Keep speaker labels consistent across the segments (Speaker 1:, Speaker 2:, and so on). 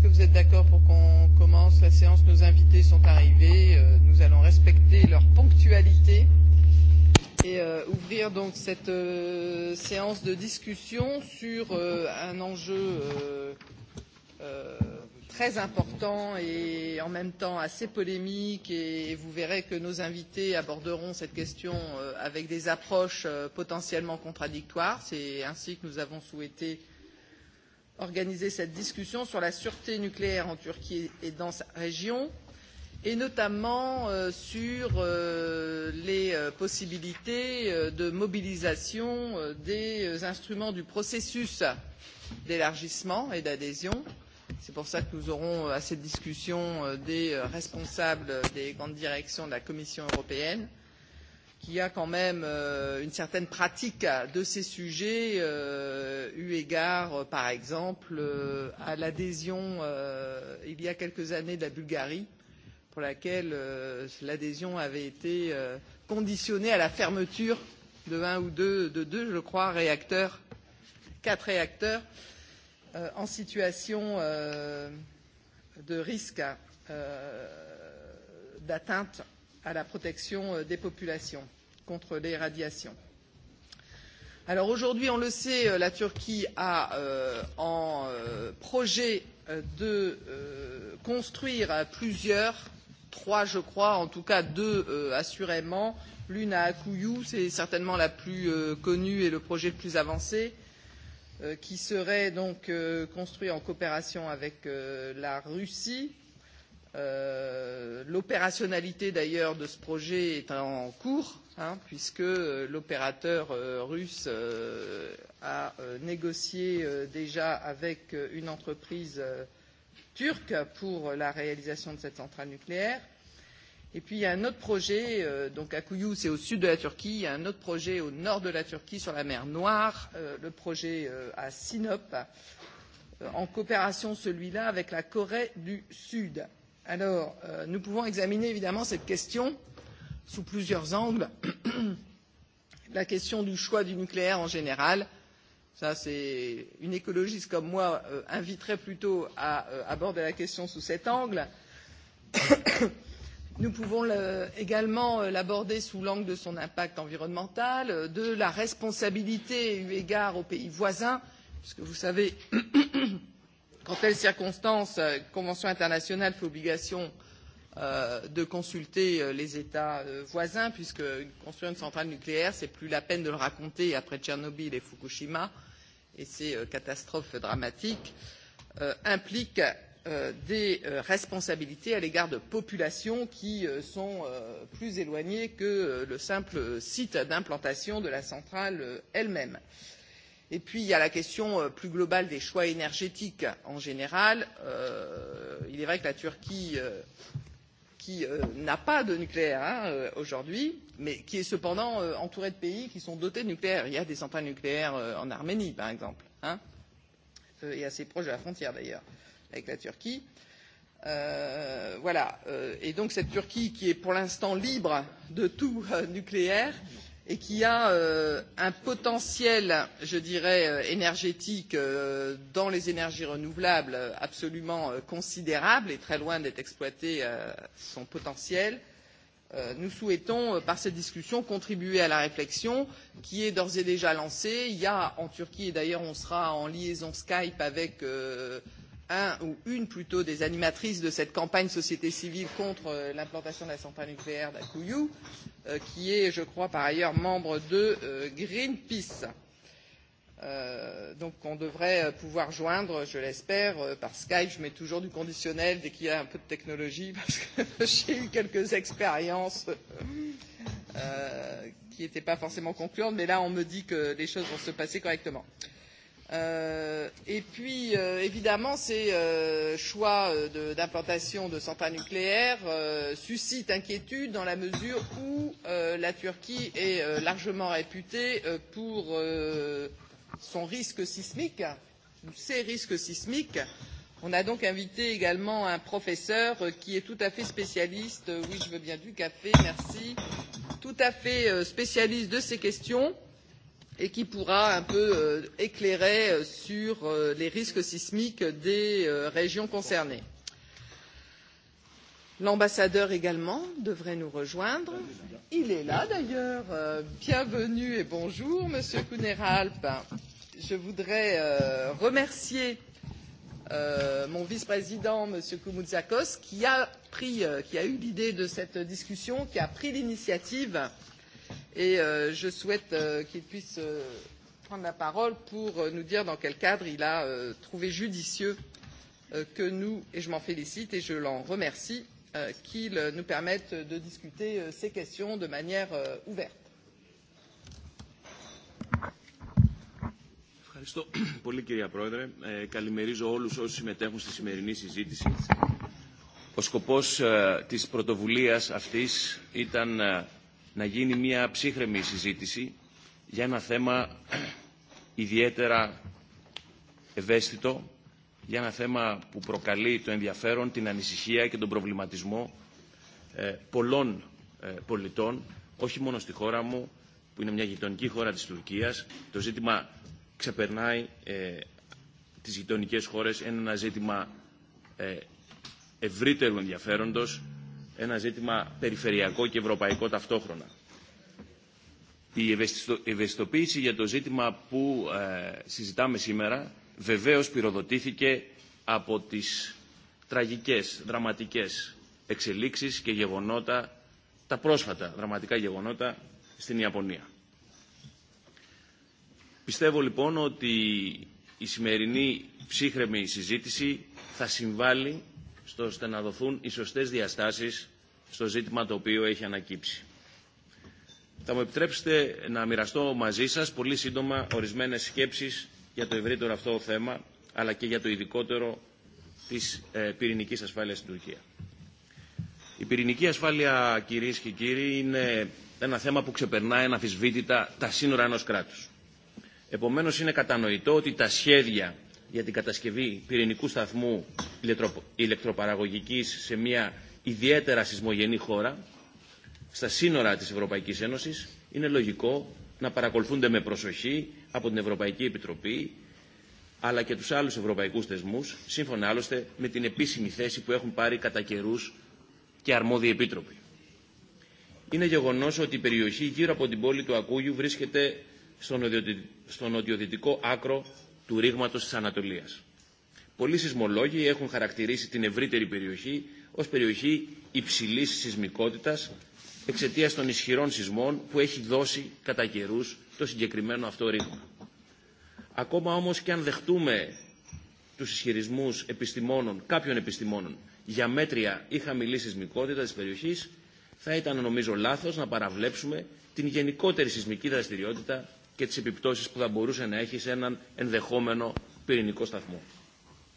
Speaker 1: Est-ce que vous êtes d'accord pour qu'on commence La séance, nos invités sont arrivés. Euh, nous allons respecter leur ponctualité et euh, ouvrir donc cette euh, séance de discussion sur euh, un enjeu euh, euh, très important et en même temps assez polémique et vous verrez que nos invités aborderont cette question avec des approches potentiellement contradictoires. C'est ainsi que nous avons souhaité euh, organiser cette discussion sur la sûreté nucléaire en Turquie et dans sa région, et notamment sur les possibilités de mobilisation des instruments du processus d'élargissement et d'adhésion. C'est pour cela que nous aurons à cette discussion des responsables des grandes directions de la Commission européenne y a quand même une certaine pratique de ces sujets, eu égard, par exemple, à l'adhésion il y a quelques années de la Bulgarie, pour laquelle l'adhésion avait été conditionnée à la fermeture de un ou deux, de deux, je crois, réacteurs, quatre réacteurs en situation de risque d'atteinte à la protection des populations contre les radiations. Alors aujourd'hui, on le sait, la Turquie a euh, en euh, projet de euh, construire plusieurs, trois je crois, en tout cas deux euh, assurément, l'une à Akuyu, c'est certainement la plus euh, connue et le projet le plus avancé, euh, qui serait donc euh, construit en coopération avec euh, la Russie. Euh, L'opérationnalité d'ailleurs de ce projet est en cours puisque l'opérateur russe a négocié déjà avec une entreprise turque pour la réalisation de cette centrale nucléaire. Et puis il y a un autre projet, euh, donc à Kouyou, c'est au sud de la Turquie, il y a un autre projet au nord de la Turquie sur la mer Noire, euh, le projet euh, à Sinop, euh, en coopération celui-là avec la Corée du Sud. Alors euh, nous pouvons examiner évidemment cette question euh, sous plusieurs angles la question du choix du nucléaire en général ça c'est une écologiste comme moi euh, inviterait plutôt à euh, aborder la question sous cet angle. Nous pouvons le, également l'aborder sous l'angle de son impact environnemental, de la responsabilité eu égard aux pays voisins, puisque vous savez qu'en telle circonstance, la Convention internationale fait obligation euh, de consulter les États voisins, puisque construire une centrale nucléaire, c'est plus la peine de le raconter après Tchernobyl et Fukushima et ces catastrophes dramatiques, implique des responsabilités à l'égard de populations qui sont plus éloignées que le simple site d'implantation de la centrale elle même. Et puis il y a la question plus globale des choix énergétiques en général. il est vrai que la Turquie qui n'a pas de nucléaire aujourd'hui, mais qui est cependant entourée de pays qui sont dotés de nucléaire. Il y a des centrales nucléaires en Arménie, par exemple, et assez proche de la frontière d'ailleurs avec la Turquie. voilà. et donc cette Turquie qui est pour l'instant libre de tout nucléaire et qui a un potentiel, je dirais, énergétique dans les énergies renouvelables absolument considérable et très loin d'être exploité son potentiel, nous souhaitons, par cette discussion, contribuer à la réflexion qui est d'ores et déjà lancée. Il y a en Turquie, et d'ailleurs on sera en liaison Skype avec un ou une plutôt des animatrices de cette campagne société civile contre l'implantation de la centrale nucléaire d'Akuyu, qui est, je crois, par ailleurs membre de Greenpeace. donc on devrait pouvoir joindre, je l'espère, par Skype, je mets toujours du conditionnel dès qu'il y a un peu de technologie, parce que j'ai eu quelques expériences qui n'étaient pas forcément concluantes, mais là on me dit que les choses vont se passer correctement. Euh, et puis, évidemment, ces choix d'implantation de, centrales nucléaires suscitent inquiétude dans la mesure où la Turquie est largement réputée pour son risque sismique, ou ses risques sismiques. On a donc invité également un professeur qui est tout à fait spécialiste, oui, je veux bien du café, merci, tout à fait spécialiste de ces questions et qui pourra un peu éclairer sur les risques sismiques des régions concernées. L'ambassadeur également devrait nous rejoindre. Il est là d'ailleurs. Bienvenue et bonjour, Monsieur Kuneralp. Je voudrais remercier mon vice-président, Monsieur Koumoudzakos, qui a, pris, qui a eu l'idée de cette discussion, qui a pris l'initiative euh, et je souhaite qu'il puisse prendre la parole pour nous dire dans quel cadre il a trouvé judicieux que nous et je m'en félicite et je l'en remercie qu'il nous permette de discuter ces questions de manière ouverte.
Speaker 2: Ευχαριστώ πολύ κυρία Πρόεδρε. Ε, καλημερίζω όλους όσους συμμετέχουν στη σημερινή συζήτηση. Ο σκοπός ε, της πρωτοβουλίας αυτής ήταν να γίνει μια ψύχρεμη συζήτηση για ένα θέμα ιδιαίτερα ευαίσθητο, για ένα θέμα που προκαλεί το ενδιαφέρον, την ανησυχία και τον προβληματισμό πολλών πολιτών, όχι μόνο στη χώρα μου, που είναι μια γειτονική χώρα της Τουρκίας. Το ζήτημα ξεπερνάει ε, τις γειτονικές χώρες, είναι ένα ζήτημα ε, ευρύτερου ενδιαφέροντος, ένα ζήτημα περιφερειακό και ευρωπαϊκό ταυτόχρονα. Η ευαισθητοποίηση για το ζήτημα που συζητάμε σήμερα βεβαίως πυροδοτήθηκε από τις τραγικές, δραματικές εξελίξεις και γεγονότα, τα πρόσφατα δραματικά γεγονότα στην Ιαπωνία. Πιστεύω λοιπόν ότι η σημερινή ψύχρεμη συζήτηση θα συμβάλλει στο ώστε να δοθούν οι σωστές διαστάσεις στο ζήτημα το οποίο έχει ανακύψει. Θα μου επιτρέψετε να μοιραστώ μαζί σας πολύ σύντομα ορισμένες σκέψεις για το ευρύτερο αυτό θέμα, αλλά και για το ειδικότερο της πυρηνικής ασφάλειας στην Τουρκία. Η πυρηνική ασφάλεια, κυρίε και κύριοι, είναι ένα θέμα που ξεπερνάει αναφυσβήτητα τα σύνορα ενός κράτους. Επομένως, είναι κατανοητό ότι τα σχέδια για την κατασκευή πυρηνικού σταθμού ηλεκτροπαραγωγικής σε μια ιδιαίτερα σεισμογενή χώρα, στα σύνορα της Ευρωπαϊκής Ένωσης, είναι λογικό να παρακολουθούνται με προσοχή από την Ευρωπαϊκή Επιτροπή, αλλά και τους άλλους ευρωπαϊκούς θεσμούς, σύμφωνα άλλωστε με την επίσημη θέση που έχουν πάρει κατά καιρού και αρμόδιοι επίτροποι. Είναι γεγονός ότι η περιοχή γύρω από την πόλη του Ακούγιου βρίσκεται στον νοτιοδυτικό άκρο του ρήγματος της Ανατολίας. Πολλοί σεισμολόγοι έχουν χαρακτηρίσει την ευρύτερη περιοχή ως περιοχή υψηλής σεισμικότητας εξαιτίας των ισχυρών σεισμών που έχει δώσει κατά καιρού το συγκεκριμένο αυτό ρήγμα. Ακόμα όμως και αν δεχτούμε τους ισχυρισμούς επιστημόνων, κάποιων επιστημόνων για μέτρια ή χαμηλή σεισμικότητα της περιοχής, θα ήταν νομίζω λάθος να παραβλέψουμε την γενικότερη σεισμική δραστηριότητα και τις επιπτώσεις που θα μπορούσε να έχει σε έναν ενδεχόμενο πυρηνικό σταθμό.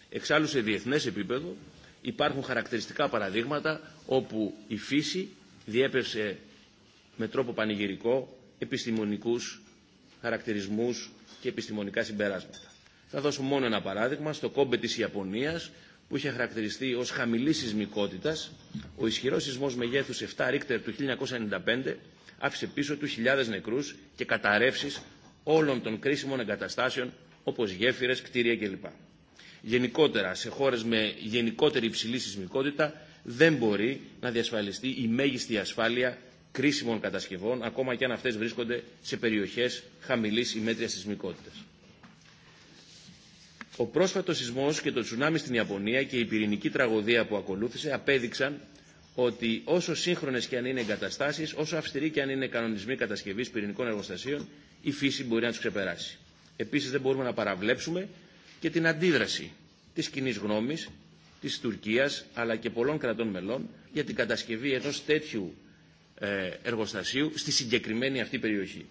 Speaker 2: Εξάλλου σε διεθνές επίπεδο υπάρχουν χαρακτηριστικά παραδείγματα όπου η φύση διέπευσε με τρόπο πανηγυρικό επιστημονικούς χαρακτηρισμούς και επιστημονικά συμπεράσματα. Θα δώσω μόνο ένα παράδειγμα στο κόμπε της Ιαπωνίας που είχε χαρακτηριστεί ως χαμηλή σεισμικότητας, ο ισχυρός σεισμός μεγέθους 7 Ρίκτερ του 1995 άφησε πίσω του χιλιάδες νεκρούς και καταρρεύσεις όλων των κρίσιμων εγκαταστάσεων όπως γέφυρες, κτίρια κλπ. Γενικότερα, σε χώρες με γενικότερη υψηλή σεισμικότητα δεν μπορεί να διασφαλιστεί η μέγιστη ασφάλεια κρίσιμων κατασκευών, ακόμα και αν αυτές βρίσκονται σε περιοχές χαμηλής ή μέτριας σεισμικότητας. Ο πρόσφατος σεισμός και το τσουνάμι στην Ιαπωνία και η πυρηνική τραγωδία που ακολούθησε απέδειξαν ότι όσο σύγχρονε και αν είναι εγκαταστάσει, όσο αυστηροί και αν είναι κανονισμοί κατασκευή πυρηνικών εργοστασίων, η φύση μπορεί να του ξεπεράσει. Επίση, δεν μπορούμε να παραβλέψουμε και την αντίδραση τη κοινή γνώμη, τη Τουρκία αλλά και πολλών κρατών μελών για την κατασκευή ενό τέτοιου εργοστασίου στη συγκεκριμένη αυτή περιοχή.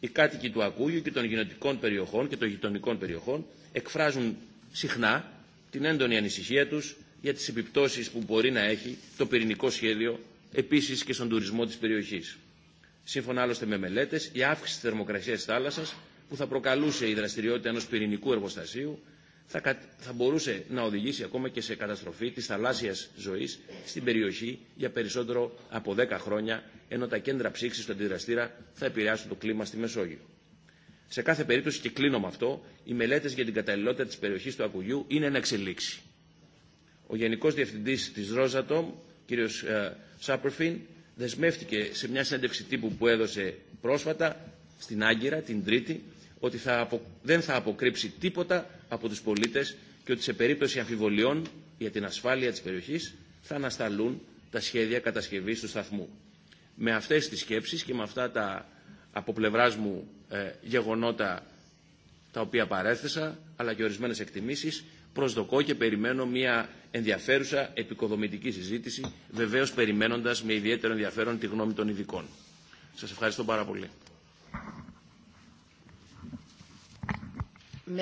Speaker 2: Οι κάτοικοι του Ακούγιου και των γενετικών περιοχών και των γειτονικών περιοχών εκφράζουν συχνά την έντονη ανησυχία τους για τις επιπτώσεις που μπορεί να έχει το πυρηνικό σχέδιο επίσης και στον τουρισμό της περιοχής. Σύμφωνα άλλωστε με μελέτες, η αύξηση της θερμοκρασίας της θάλασσας που θα προκαλούσε η δραστηριότητα ενός πυρηνικού εργοστασίου θα, κα... θα μπορούσε να οδηγήσει ακόμα και σε καταστροφή της θαλάσσιας ζωής στην περιοχή για περισσότερο από 10 χρόνια, ενώ τα κέντρα ψήξης του αντιδραστήρα θα επηρεάσουν το κλίμα στη Μεσόγειο. Σε κάθε περίπτωση, και κλείνω με αυτό, οι μελέτες για την καταλληλότητα της περιοχής του Ακουγιού είναι να εξελίξει ο Γενικός Διευθυντής της Ρόζατομ, κύριος Σάπερφιν, δεσμεύτηκε σε μια συνέντευξη τύπου που έδωσε πρόσφατα στην Άγκυρα, την Τρίτη, ότι θα απο... δεν θα αποκρύψει τίποτα από τους πολίτες και ότι σε περίπτωση αμφιβολιών για την ασφάλεια της περιοχής θα ανασταλούν τα σχέδια κατασκευής του σταθμού. Με αυτές τις σκέψεις και με αυτά τα από πλευράς μου ε, γεγονότα τα οποία παρέθεσα, αλλά και ορισμένες εκτιμήσεις, προσδοκώ και περιμένω μια ενδιαφέρουσα επικοδομητική συζήτηση, βεβαίω περιμένοντα με ιδιαίτερο ενδιαφέρον τη γνώμη των ειδικών. Σα ευχαριστώ πάρα πολύ.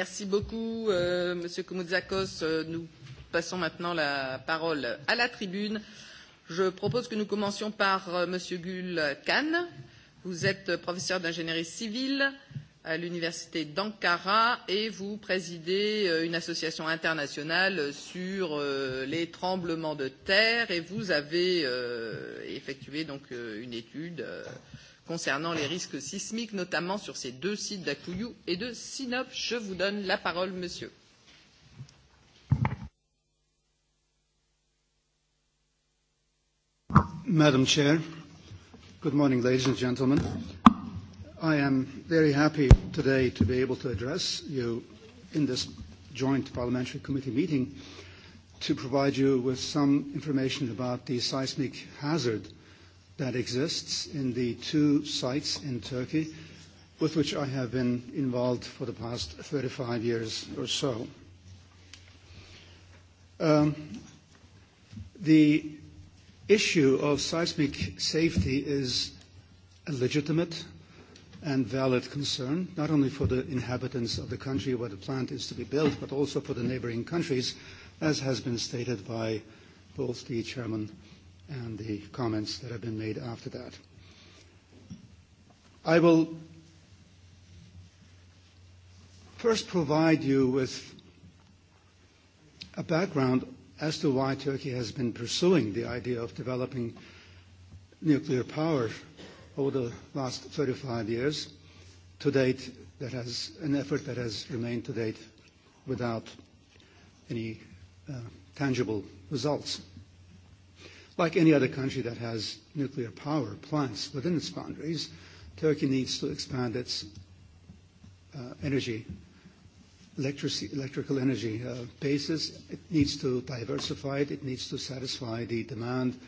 Speaker 1: Merci beaucoup, euh, Monsieur Koumoudzakos. Nous passons maintenant la parole à la tribune. Je propose que nous commencions par euh, Monsieur Gul Khan. Vous êtes professeur d'ingénierie civile à l'université d'Ankara et vous présidez une association internationale sur les tremblements de terre et vous avez effectué donc une étude concernant les risques sismiques, notamment sur ces deux sites d'Akouyou et de Sinop. Je vous donne la parole,
Speaker 3: monsieur. Madam Chair, good morning, ladies and gentlemen. I am very happy today to be able to address you in this joint parliamentary committee meeting to provide you with some information about the seismic hazard that exists in the two sites in Turkey with which I have been involved for the past 35 years or so. Um, the issue of seismic safety is a legitimate and valid concern, not only for the inhabitants of the country where the plant is to be built, but also for the neighboring countries, as has been stated by both the chairman and the comments that have been made after that. I will first provide you with a background as to why Turkey has been pursuing the idea of developing nuclear power over the last 35 years. To date, that has an effort that has remained to date without any uh, tangible results. Like any other country that has nuclear power plants within its boundaries, Turkey needs to expand its uh, energy, electric, electrical energy uh, basis. It needs to diversify it. It needs to satisfy the demand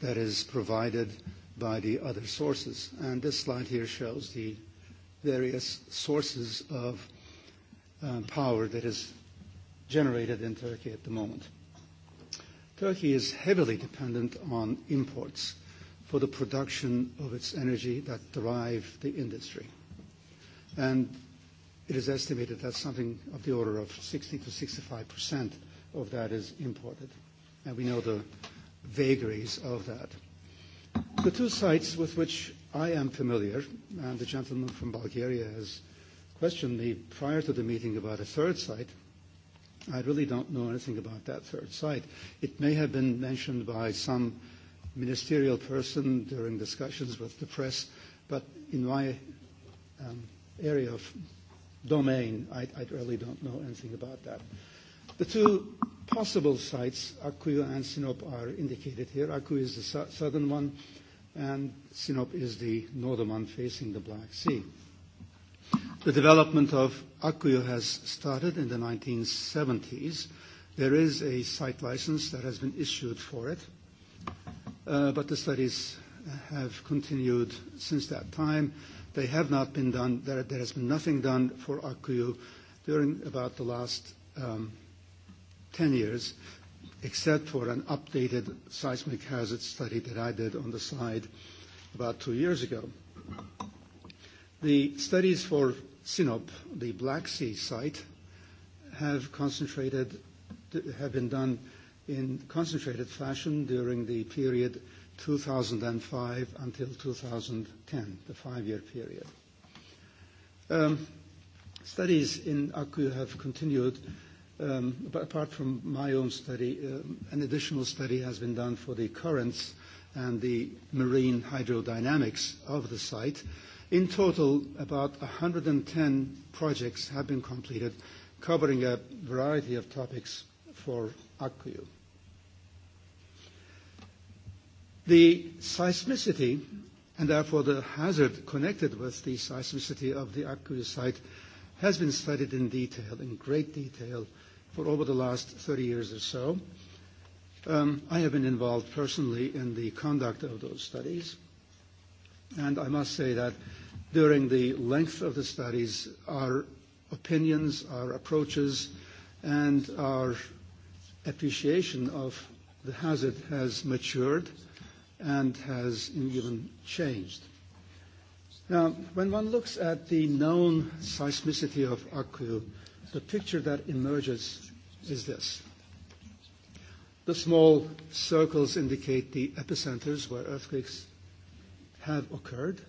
Speaker 3: that is provided by the other sources. And this slide here shows the various sources of um, power that is generated in Turkey at the moment. Turkey is heavily dependent on imports for the production of its energy that drive the industry. And it is estimated that something of the order of 60 to 65 percent of that is imported. And we know the vagaries of that. The two sites with which I am familiar, and the gentleman from Bulgaria has questioned me prior to the meeting about a third site, I really don't know anything about that third site. It may have been mentioned by some ministerial person during discussions with the press, but in my um, area of domain, I, I really don't know anything about that. The two possible sites, Akku and Sinop are indicated here. Akku is the su- southern one, and Sinop is the northern one facing the Black Sea. The development of Akku has started in the 1970s. There is a site license that has been issued for it, uh, but the studies have continued since that time. They have not been done. There, there has been nothing done for Akku during about the last um, – 10 years, except for an updated seismic hazard study that I did on the side about two years ago. The studies for Sinop, the Black Sea site, have concentrated, have been done in concentrated fashion during the period 2005 until 2010, the five-year period. Studies in ACU have continued Um, but apart from my own study, um an additional study has been done for the currents and the marine hydrodynamics of the site. In total, about 110 projects have been completed, covering a variety of topics for Akkuyu. The seismicity, and therefore the hazard connected with the seismicity of the Akkuyu site, has been studied in detail, in great detail, for over the last 30 years or so. Um, I have been involved personally in the conduct of those studies, and I must say that during the length of the studies, our opinions, our approaches, and our appreciation of the hazard has matured and has even changed. Now, when one looks at the known seismicity of Akku, the picture that emerges is this. The small circles indicate the epicenters where earthquakes have occurred.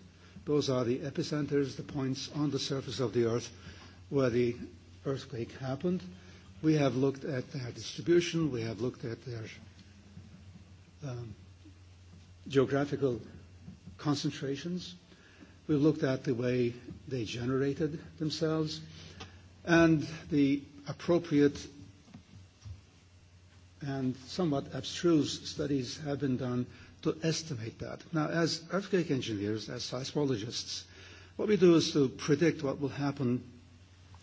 Speaker 3: Those are the epicenters, the points on the surface of the Earth where the earthquake happened. We have looked at their distribution, we have looked at their um, geographical concentrations, we've looked at the way they generated themselves, and the appropriate and somewhat abstruse studies have been done to estimate that. Now, as earthquake engineers, as seismologists, what we do is to predict what will happen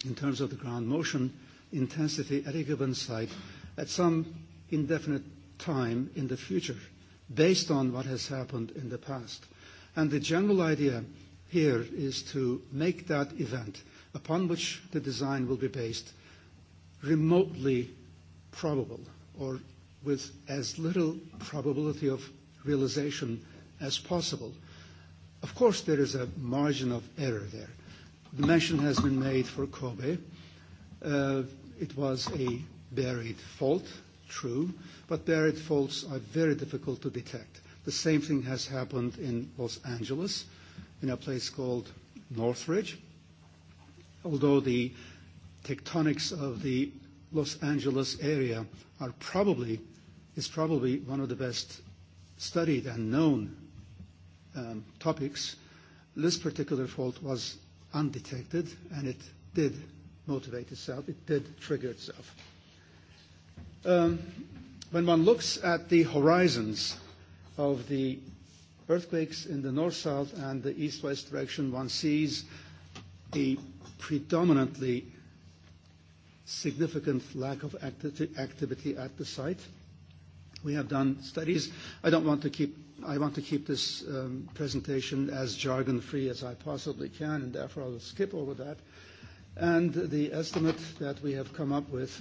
Speaker 3: in terms of the ground motion intensity at a given site at some indefinite time in the future based on what has happened in the past. And the general idea here is to make that event – upon which the design will be based remotely probable or with as little probability of realization as possible. Of course, there is a margin of error there. The mention has been made for Kobe. Uh, it was a buried fault, true, but buried faults are very difficult to detect. The same thing has happened in Los Angeles, in a place called Northridge, although the tectonics of the Los Angeles area are probably is probably one of the best studied and known um, topics. This particular fault was undetected, and it did motivate itself. It did trigger itself. Um, when one looks at the horizons of the earthquakes in the north-south and the east-west direction, one sees a predominantly significant lack of activity at the site. We have done studies. I don't want to keep I want to keep this um, presentation as jargon-free as I possibly can, and therefore I'll skip over that. And the estimate that we have come up with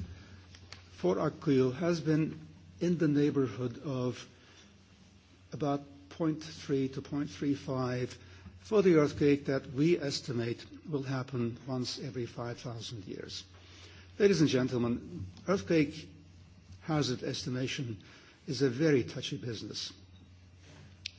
Speaker 3: for Akkuyu has been in the neighborhood of about 0.3 to 0.35 for the earthquake that we estimate will happen once every 5,000 years. Ladies and gentlemen, earthquake hazard estimation is a very touchy business.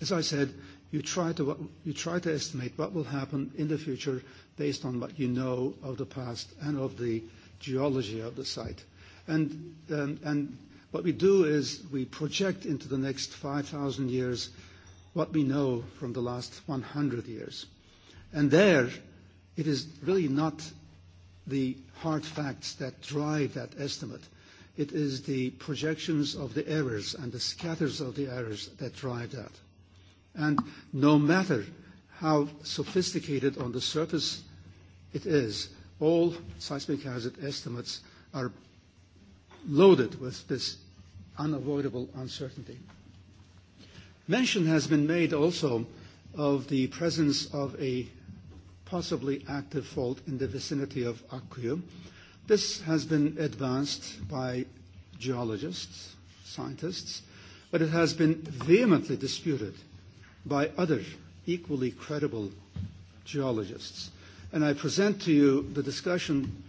Speaker 3: As I said, you try to, you try to estimate what will happen in the future based on what you know of the past and of the geology of the site. And, um, and what we do is we project into the next 5,000 years what we know from the last 100 years. And there, It is really not the hard facts that drive that estimate. It is the projections of the errors and the scatters of the errors that drive that. And no matter how sophisticated on the surface it is, all seismic hazard estimates are loaded with this unavoidable uncertainty. Mention has been made also of the presence of a possibly active fault in the vicinity of Akkuyu. This has been advanced by geologists, scientists, but it has been vehemently disputed by other equally credible geologists. And I present to you the discussion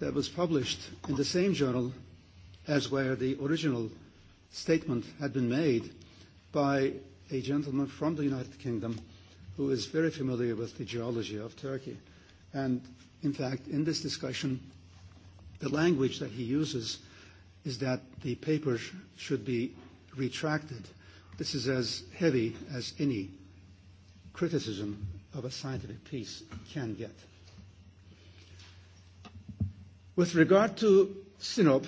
Speaker 3: that was published in the same journal as where the original statement had been made by a gentleman from the United Kingdom who is very familiar with the geology of Turkey. And in fact, in this discussion, the language that he uses is that the paper should be retracted. This is as heavy as any criticism of a scientific piece can get. With regard to Sinop,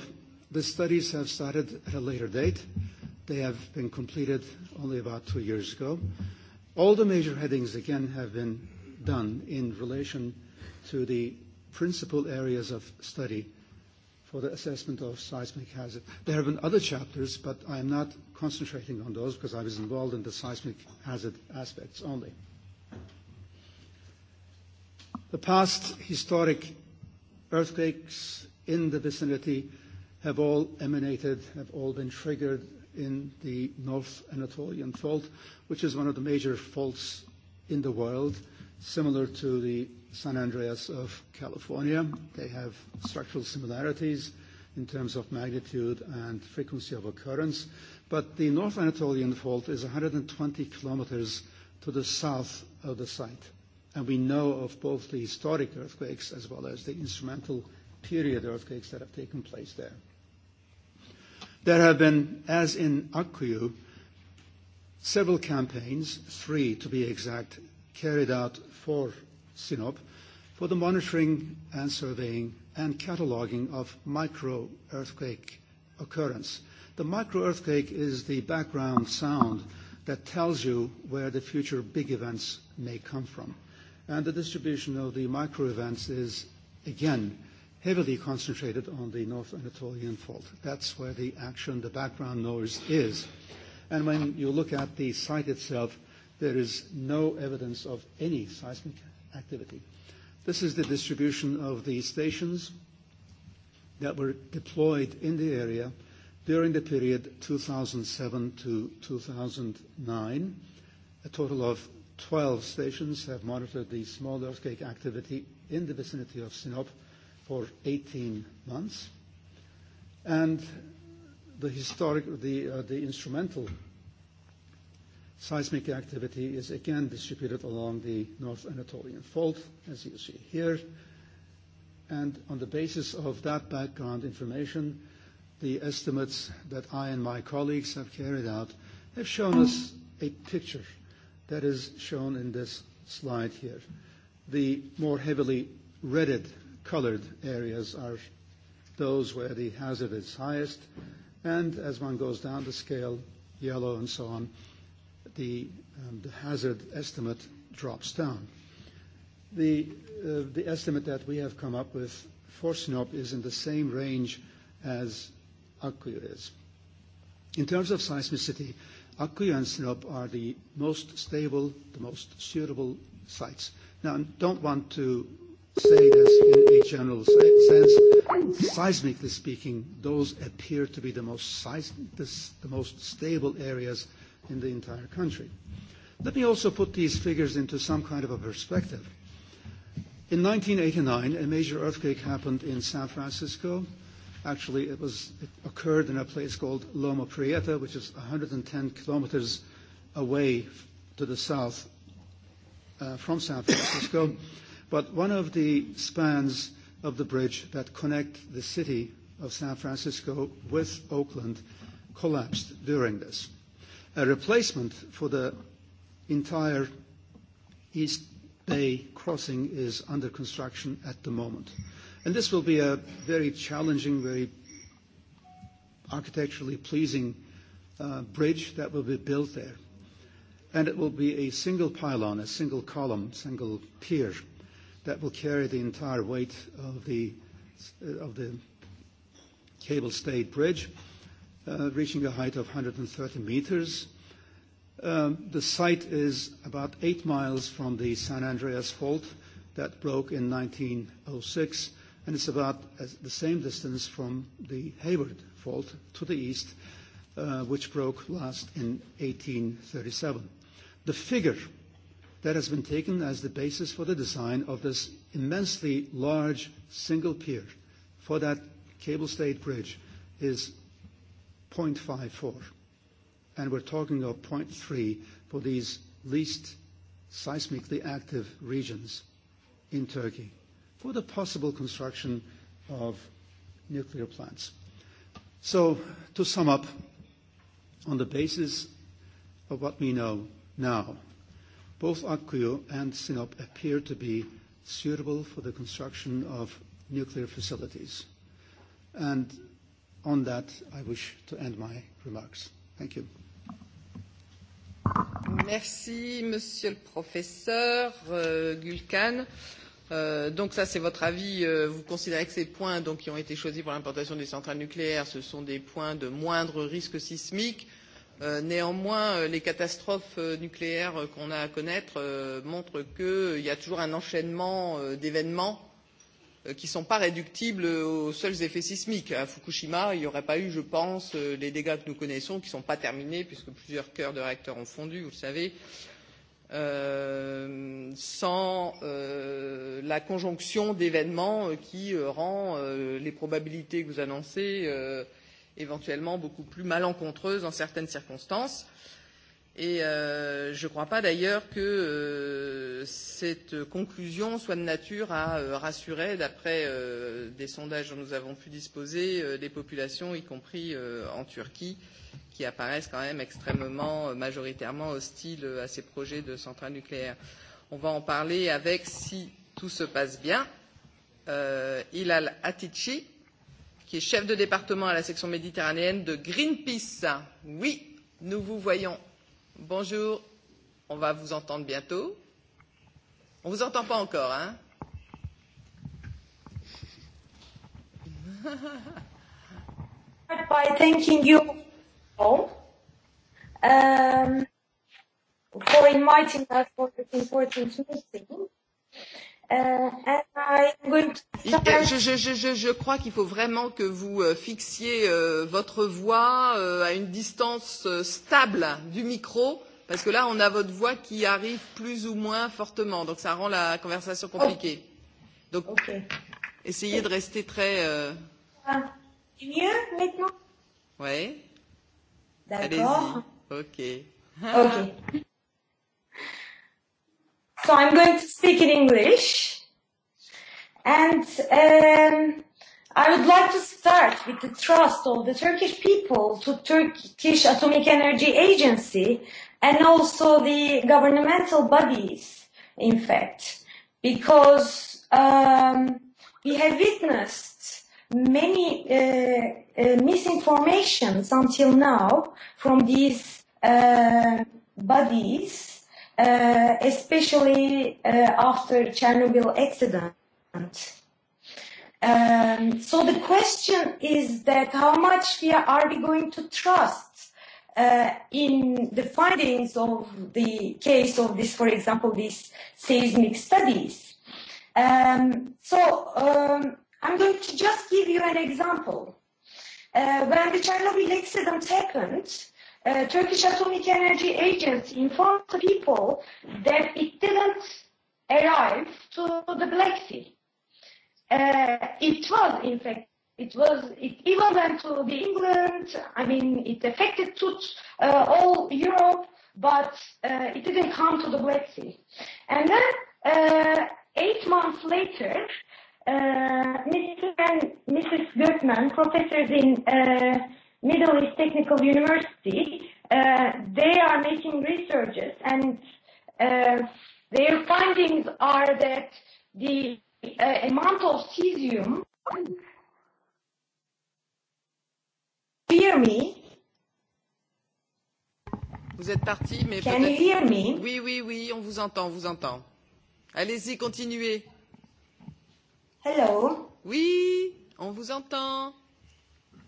Speaker 3: the studies have started at a later date. They have been completed only about two years ago. All the major headings, again, have been done in relation to the principal areas of study for the assessment of seismic hazard. There have been other chapters, but I am not concentrating on those because I was involved in the seismic hazard aspects only. The past historic earthquakes in the vicinity have all emanated, have all been triggered in the North Anatolian Fault, which is one of the major faults in the world, similar to the San Andreas of California. They have structural similarities in terms of magnitude and frequency of occurrence. But the North Anatolian Fault is 120 kilometers to the south of the site. And we know of both the historic earthquakes as well as the instrumental period earthquakes that have taken place there. There have been, as in Akkuyu, several campaigns, three to be exact, carried out for SINOP for the monitoring and surveying and cataloging of micro earthquake occurrence. The micro earthquake is the background sound that tells you where the future big events may come from. And the distribution of the micro events is, again, heavily concentrated on the North Anatolian Fault. That's where the action, the background noise is. And when you look at the site itself, there is no evidence of any seismic activity. This is the distribution of the stations that were deployed in the area during the period 2007 to 2009. A total of 12 stations have monitored the small earthquake activity in the vicinity of Sinop, for 18 months. And the historic, the, uh, the instrumental seismic activity is again distributed along the North Anatolian Fault, as you see here. And on the basis of that background information, the estimates that I and my colleagues have carried out have shown us a picture that is shown in this slide here. The more heavily redded colored areas are those where the hazard is highest, and as one goes down the scale, yellow and so on, the, um, the hazard estimate drops down. The, uh, the estimate that we have come up with for SNOP is in the same range as Akkuyu is. In terms of seismicity, Akkuyu and SNOP are the most stable, the most suitable sites. Now, I don't want to say this in a general sense. Seismically speaking, those appear to be the most, the most stable areas in the entire country. Let me also put these figures into some kind of a perspective. In 1989, a major earthquake happened in San Francisco. Actually, it, was, it occurred in a place called Loma Prieta, which is 110 kilometers away to the south from San Francisco but one of the spans of the bridge that connect the city of San Francisco with Oakland collapsed during this. A replacement for the entire East Bay crossing is under construction at the moment. And this will be a very challenging, very architecturally pleasing uh, bridge that will be built there. And it will be a single pylon, a single column, single pier that will carry the entire weight of the, of the cable stayed bridge, uh, reaching a height of 130 meters. Um, the site is about eight miles from the San Andreas Fault that broke in 1906, and it's about as the same distance from the Hayward Fault to the east, uh, which broke last in 1837. The figure that has been taken as the basis for the design of this immensely large single pier for that cable state bridge is 0.54. And we're talking of 0.3 for these least seismically active regions in Turkey for the possible construction of nuclear plants. So to sum up, on the basis of what we know now, Both Akkuyu and Sinop appear to be suitable for the construction of nuclear facilities. And on that, I wish to end my remarks. Thank you.
Speaker 1: Merci, monsieur le professeur euh, Gulkan. Euh, donc ça, c'est votre avis. Vous considérez que ces points donc, qui ont été choisis pour l'implantation des centrales nucléaires, ce sont des points de moindre risque sismique néanmoins, les catastrophes nucléaires qu'on a à connaître montrent qu'il y a toujours un enchaînement d'événements qui ne sont pas réductibles aux seuls effets sismiques. À Fukushima, il n'y aurait pas eu, je pense, les dégâts que nous connaissons, qui ne sont pas terminés, puisque plusieurs cœurs de réacteurs ont fondu, vous le savez, sans la conjonction d'événements qui rend les probabilités que vous annoncez éventuellement beaucoup plus malencontreuse dans certaines circonstances. Et euh, je ne crois pas d'ailleurs que euh, cette conclusion soit de nature à euh, rassurer, d'après euh, des sondages dont nous avons pu disposer, euh, les populations, y compris euh, en Turquie, qui apparaissent quand même extrêmement euh, majoritairement hostiles à ces projets de centrales nucléaires. On va en parler avec, si tout se passe bien, euh, Ilal Atici, qui est chef de département à la section méditerranéenne de Greenpeace. Oui, nous vous voyons. Bonjour, on va vous entendre bientôt. On ne vous entend pas
Speaker 4: encore, hein By thanking you all um, for inviting us for this important meeting. Je, je, je, je, je crois qu'il faut vraiment que
Speaker 1: vous fixiez euh, votre voix euh, à une distance stable du micro, parce que là, on a votre voix qui arrive plus ou moins fortement, donc ça rend la conversation compliquée. Donc, okay. essayez de rester très. Euh...
Speaker 4: Mieux maintenant.
Speaker 1: Oui. D'accord. Ok.
Speaker 4: Ok. So I'm going to speak in English. And um, I would like to start with the trust of the Turkish people to Turkish Atomic Energy Agency and also the governmental bodies, in fact, because um, we have witnessed many uh, uh, misinformations until now from these uh, bodies uh, especially uh, after Chernobyl accident. Um, so the question is that how much we are we going to trust uh, in the findings of the case of this, for example, these seismic studies. Um, so um, I'm going to just give you an example. Uh, when the Chernobyl accident happened, uh, uh, Turkish Atomic Energy Agency informed the people that it didn't arrive to the Black Sea. Uh, it was, in fact, it was, it even went to the England. I mean, it affected to uh, all Europe, but uh, it didn't come to the Black Sea. And then uh, eight months later, uh, Mr. and Mrs. Goodman, professors in uh, Middle East Technical University. Uh, they are making researches and uh, their findings are that the uh, amount of cesium, hear me?
Speaker 1: Vous êtes parti, mais Can you hear me? Oui, oui, oui, on vous entend, on vous entend. Allez-y, continuez. Hello. Oui, on vous entend.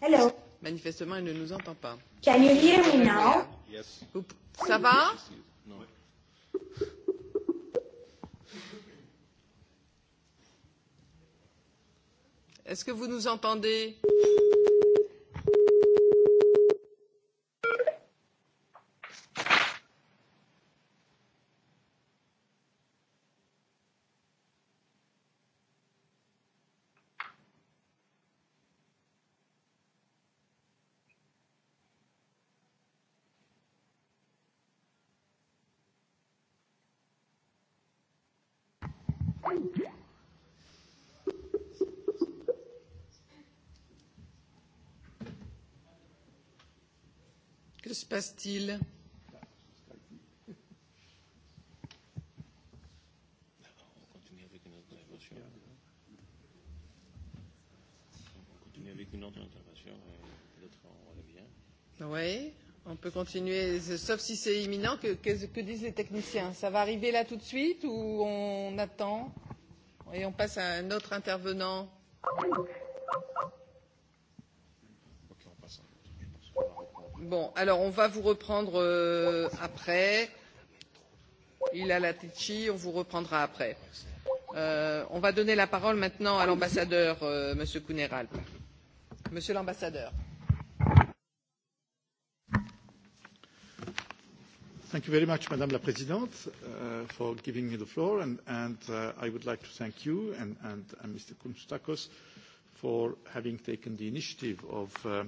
Speaker 1: Hello. Manifestement, il ne nous entend pas. Can you hear me now? Yes. Ça va Est-ce que vous nous entendez Que se passe-t-il Oui, on peut continuer, sauf si c'est imminent. Que, que, que disent les techniciens Ça va arriver là tout de suite ou on attend et on passe à un autre intervenant Bon, alors on va vous reprendre euh, après. Il a la Tichy, on vous reprendra après. Euh, on va donner la parole maintenant à l'ambassadeur, euh, Monsieur Kuneralp. Monsieur l'ambassadeur.
Speaker 5: Thank you very much, Madame la Présidente, uh, for giving me the floor, and, and uh, I would like to thank you and, and, and Mr. Kunstakos for having taken the initiative of. Uh,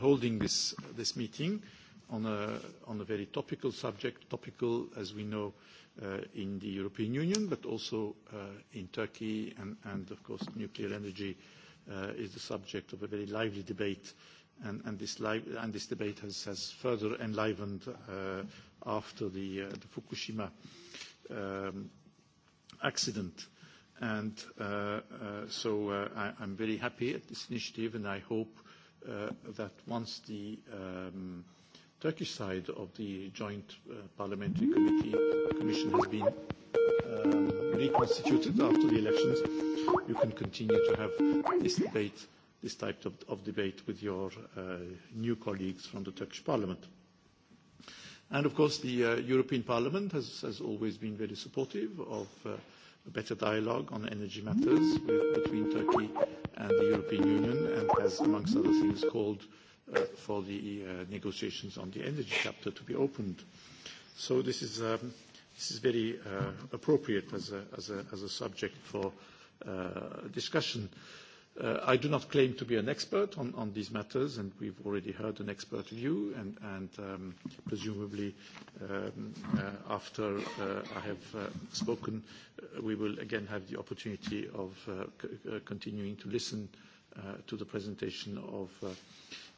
Speaker 5: holding this, this meeting on a, on a very topical subject, topical, as we know, in the European Union, but also in Turkey. And, and of course, nuclear energy is the subject of a very lively debate. And, and, this, live, and this debate has, has further enlivened after the, the Fukushima accident. And so I, I'm very happy at this initiative, and I hope uh, that once the um, Turkish side of the Joint uh, Parliamentary Committee Commission has been um, reconstituted after the elections, you can continue to have this debate, this type of, of debate with your uh, new colleagues from the Turkish Parliament. And of course, the uh, European Parliament has, has always been very supportive of uh, a better dialogue on energy matters with, between Turkey and the European Union and has, amongst other things, called uh, for the uh, negotiations on the energy chapter to be opened. So this is, um, this is very uh, appropriate as a, as, a, as a subject for uh, discussion. Uh, I do not claim to be an expert on these matters, and we've already heard an expert view, and presumably, after I have spoken, we will again have the opportunity of continuing to listen to the presentation of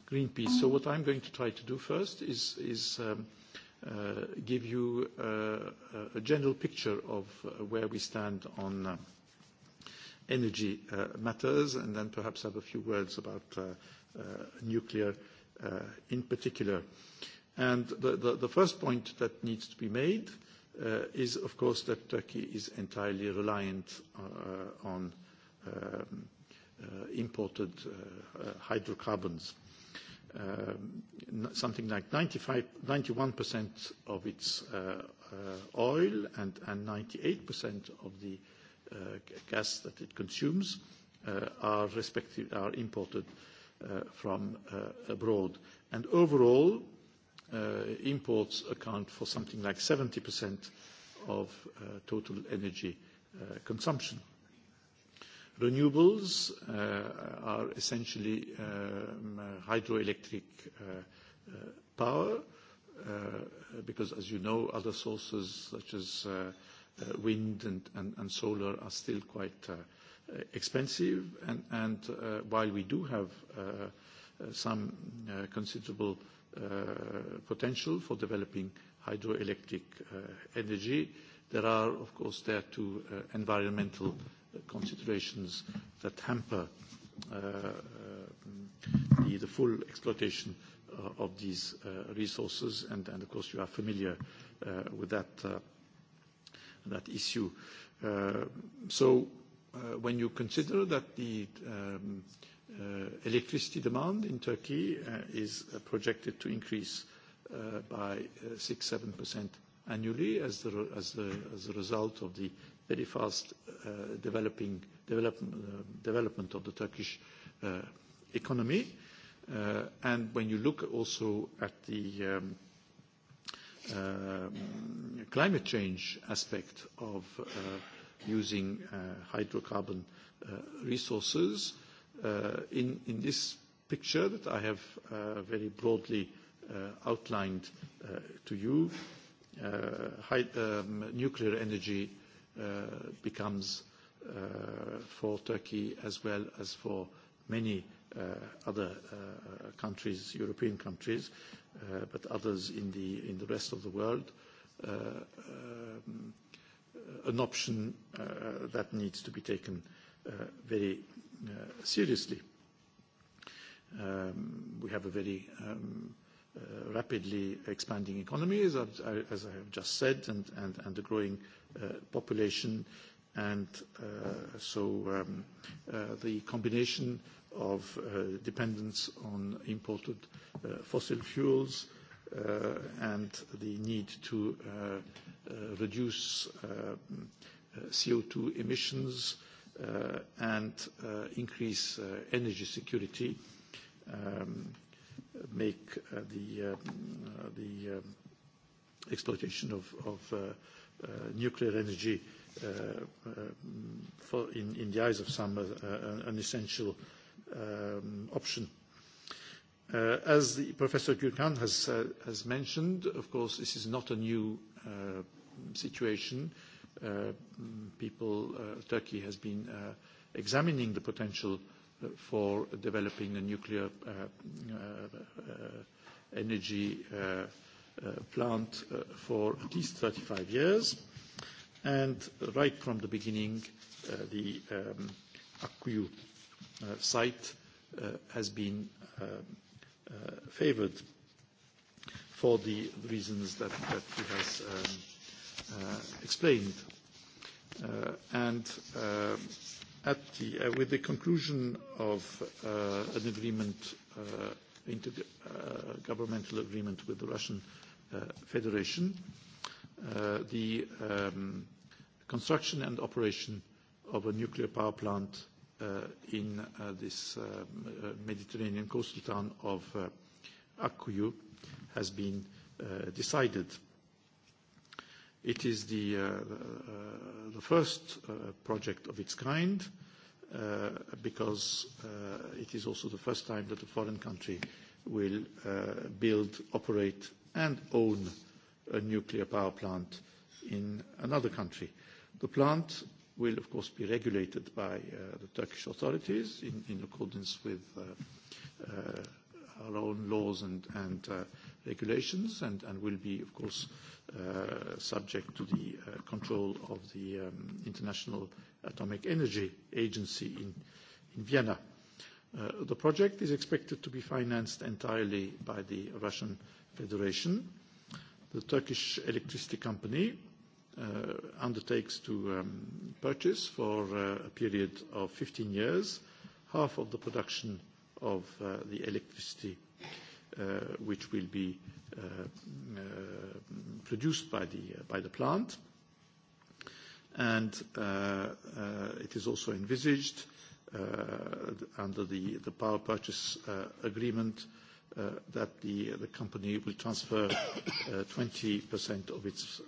Speaker 5: Greenpeace. So what I'm going to try to do first is give you a general picture of where we stand on energy uh, matters, and then perhaps have a few words about uh, uh, nuclear uh, in particular. And the, the, the first point that needs to be made is, of course, that Turkey is entirely reliant on imported uh, hydrocarbons. something like one 91% of its uh, oil and, and 98% of the gas that it consumes are respective are imported from abroad. And Overall, imports account for something like 70% of total energy consumption. Renewables are essentially hydroelectric power, because as you know, other sources such as wind and, and, and solar are still quite expensive. And, and uh, while we do have uh, some uh, considerable uh, potential for developing hydroelectric uh, energy, there are, of course, there too uh, environmental considerations that hamper uh, the, the full exploitation of these uh, resources. And, and, of course, you are familiar uh, with that uh, that issue. So when you consider that the electricity demand in Turkey is projected to increase by 6%-7% annually as the result of the very fast development of the Turkish economy. And when you look also at the climate change aspect of using uh hydrocarbon resources. In this picture that I have uh very broadly outlined to you, uh um nuclear energy becomes for Turkey as well as for many other countries, European countries, but others in the in the rest of the world, an option that needs to be taken very seriously. We have a very rapidly expanding economy, as I have just said, and a growing population. And so the combination of dependence on imported fossil fuels and the need to reduce co two emissions and increase energy security make the exploitation of nuclear energy in the eyes of some an essential option. As Professor Gürkan has mentioned, of course, this is not a new situation. People, Turkey has been examining the potential for developing a nuclear energy plant for at least 35 years. and Right from the beginning, the Akkuyu site has been favoured for the reasons that he has explained. And with the conclusion of an agreement, intergovernmental agreement with the Russian Federation, the construction and operation of a nuclear power plant in this Mediterranean coastal town of Akkuyu has been decided. It is the first project of its kind because it is also the first time that a foreign country will build, operate, and own a nuclear power plant in another country. The plant will, of course, be regulated by the Turkish authorities in accordance with our own laws and regulations, and will be, of course, subject to the control of the International Atomic Energy Agency in Vienna. The project is expected to be financed entirely by the Russian Federation. The Turkish electricity company undertakes to purchase for a period of 15 years, half of the production of the electricity which will be produced by the plant. and It is also envisaged under the power purchase agreement that the the company will transfer 20% of its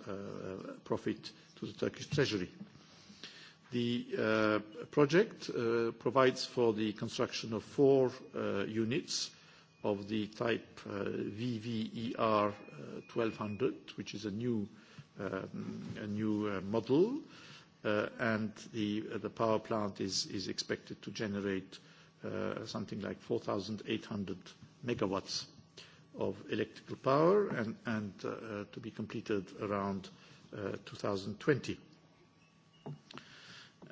Speaker 5: profit to the Turkish treasury. The project provides for the construction of four units of the type VVER 1200, which is a new model. and The power plant is expected to generate something like 4,800 megawatts of electrical power and, and uh, to be completed around uh, 2020.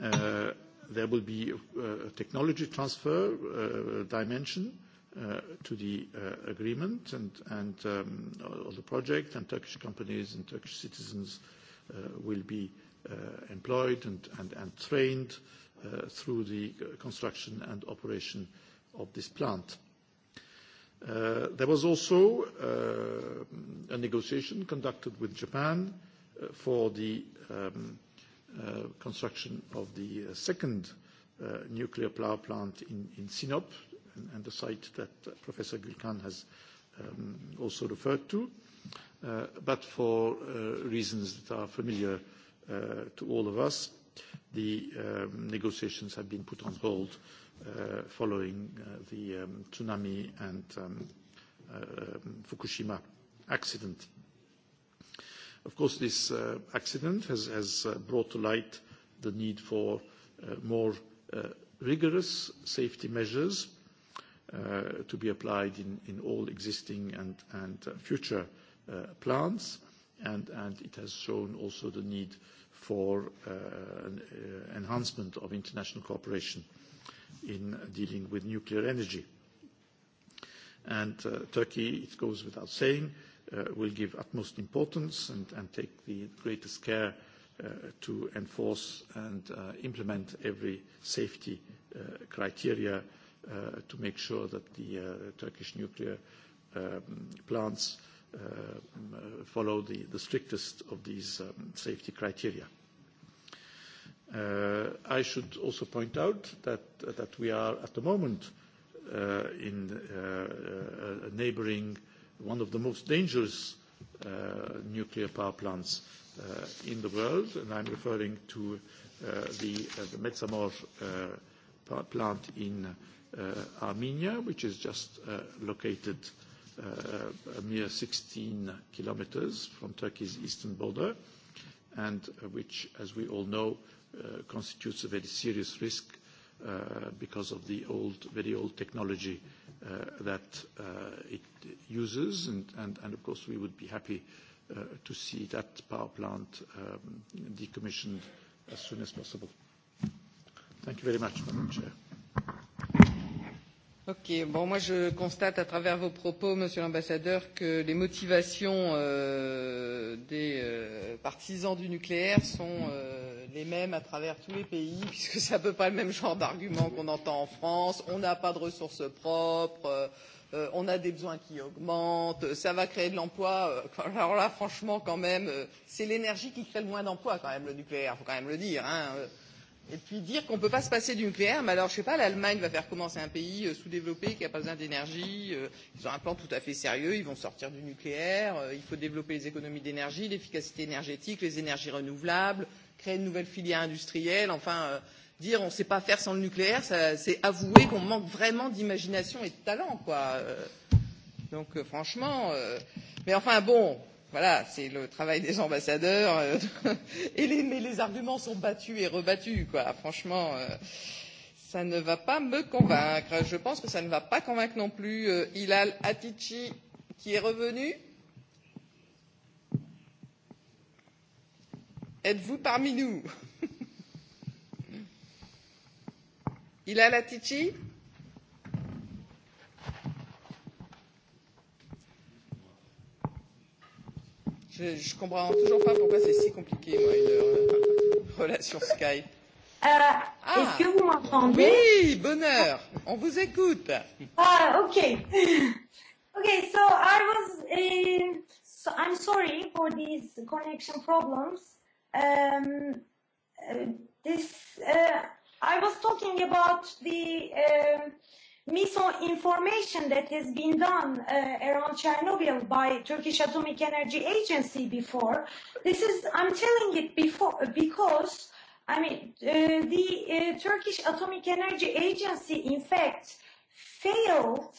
Speaker 5: Uh, there will be a, a technology transfer uh, dimension uh, to the uh, agreement and, and um, of the project and Turkish companies and Turkish citizens uh, will be uh, employed and, and, and trained uh, through the construction and operation of this plant There was also a negotiation conducted with Japan for the construction of the second nuclear power plant in Sinop, and the site that Professor Gulkan has also referred to. But for reasons that are familiar to all of us, the negotiations have been put on hold following the tsunami and Fukushima accident. Of course, this accident has brought to light the need for more rigorous safety measures to be applied in all existing and future plants. and It has shown also the need for enhancement of international cooperation in dealing with nuclear energy. And Turkey, it goes without saying, will give utmost importance and take the greatest care to enforce and implement every safety criteria to make sure that the Turkish nuclear plants follow the strictest of these safety criteria. I should also point out that we are at the moment in a neighboring one of the most dangerous nuclear power plants in the world, and I'm referring to the Metsamor power plant in Armenia, which is just located a mere 16 kilometers from Turkey's eastern border, and which, as we all know, constitutes a very serious risk because of the old, very old technology that it uses. And of course, we would be happy to see that power plant decommissioned as soon as possible. Thank you very much, Madam Chair.
Speaker 1: Okay. bon, moi je constate à travers vos propos, Monsieur l'ambassadeur, que les motivations des partisans du nucléaire sont les mêmes à travers tous les pays, puisque c'est à peu près le même genre d'argument qu'on entend en France. On n'a pas de ressources propres, euh, on a des besoins qui augmentent, ça va créer de l'emploi. alors là, franchement, quand même, c'est l'énergie qui crée le moins d'emplois, quand même, le nucléaire, il faut quand même le dire. Hein. Et puis dire qu'on ne peut pas se passer du nucléaire, mais alors je ne sais pas, l'Allemagne va faire commencer un pays sous-développé qui n'a pas besoin d'énergie, ils ont un plan tout à fait sérieux, ils vont sortir du nucléaire, il faut développer les économies d'énergie, l'efficacité énergétique, les énergies renouvelables, créer de nouvelles filières industrielles, enfin euh, dire on ne sait pas faire sans le nucléaire, c'est avouer qu'on manque vraiment d'imagination et de talent, quoi. Donc euh, franchement, euh, mais enfin bon, voilà, c'est le travail des ambassadeurs. Euh, et les, mais les arguments sont battus et rebattus, quoi. Franchement, euh, ça ne va pas me convaincre. Je pense que ça ne va pas convaincre non plus euh, Hilal Atici qui est revenu. Euh, Êtes-vous parmi nous Il a la Atici Je, ne comprends toujours pas pourquoi c'est si compliqué, moi, une euh, relation Skype.
Speaker 4: Euh, ah, Est-ce que vous m'entendez
Speaker 1: Oui, bonheur, on vous écoute.
Speaker 4: Ah, ok. Ok, so I was, uh, so I'm sorry for these connection problems. Um, this uh, I was talking about the um, misinformation that has been done uh, around Chernobyl by Turkish Atomic Energy Agency before. This is I'm telling it before because I mean uh, the uh, Turkish Atomic Energy Agency in fact failed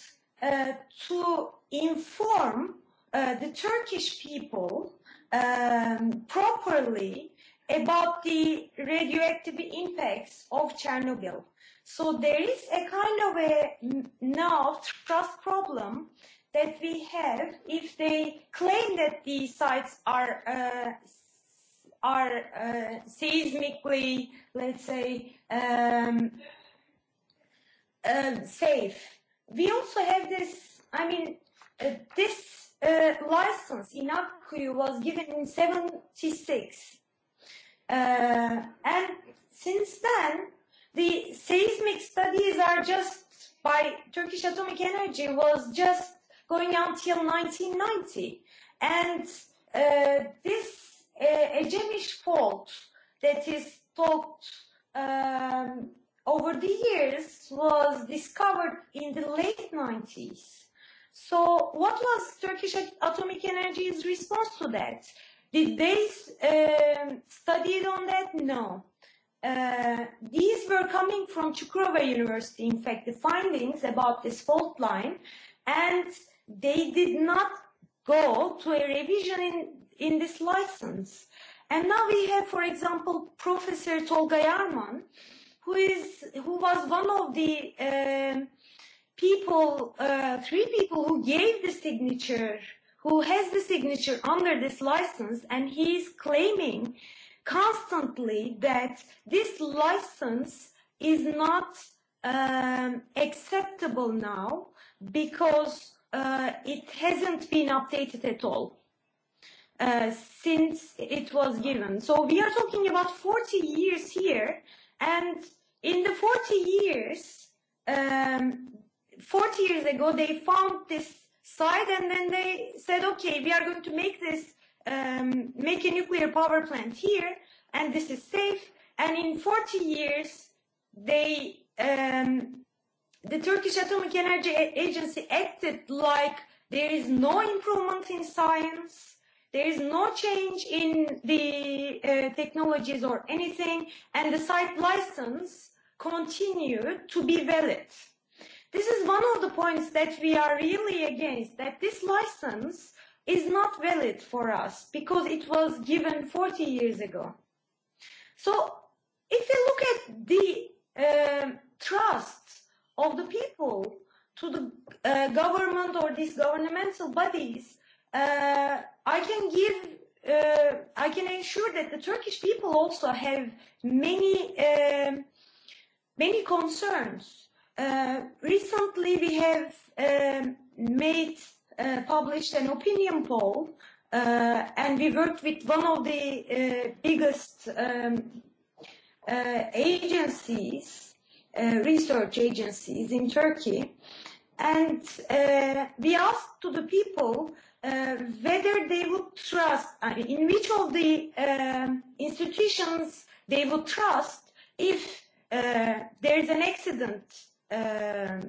Speaker 4: uh, to inform uh, the Turkish people um properly about the radioactive impacts of Chernobyl. So there is a kind of a now trust problem that we have if they claim that the sites are uh, are uh, seismically, let's say, um, uh, safe. We also have this. I mean, uh, this a license in Akku was given in 76. Uh, and since then, the seismic studies are just by Turkish Atomic Energy was just going until 1990. And uh, this uh, Ecemish fault that is talked um, over the years was discovered in the late 90s So what was Turkish Atomic Energy's response to that? Did they uh, study on that? No. Uh, these were coming from Chukurova University, in fact, the findings about this fault line, and they did not go to a revision in, in this license. And now we have, for example, Professor Tolga Yarman, who is who was one of the um people, uh, three people who gave the signature, who has the signature under this license, and he's claiming constantly that this license is not um, acceptable now because uh, it hasn't been updated at all uh, since it was given. So we are talking about 40 years here, and in the 40 years, um, 40 years ago, they found this site and then they said, okay, we are going to make this, um, make a nuclear power plant here and this is safe. And in 40 years, they, um, the Turkish Atomic Energy Agency acted like there is no improvement in science. There is no change in the uh, technologies or anything, and the site license continued to be valid. This is one of the points that we are really against, that this license is not valid for us because it was given 40 years ago. So if you look at the uh, trust of the people to the uh, government or these governmental bodies, uh, I can give uh, I can ensure that the Turkish people also have many uh, many concerns Uh, recently, we have um, made uh, published an opinion poll, uh, and we worked with one of the uh, biggest um, uh, agencies, uh, research agencies in Turkey, and uh, we asked to the people uh, whether they would trust, I mean, in which of the uh, institutions they would trust if uh, there is an accident uh,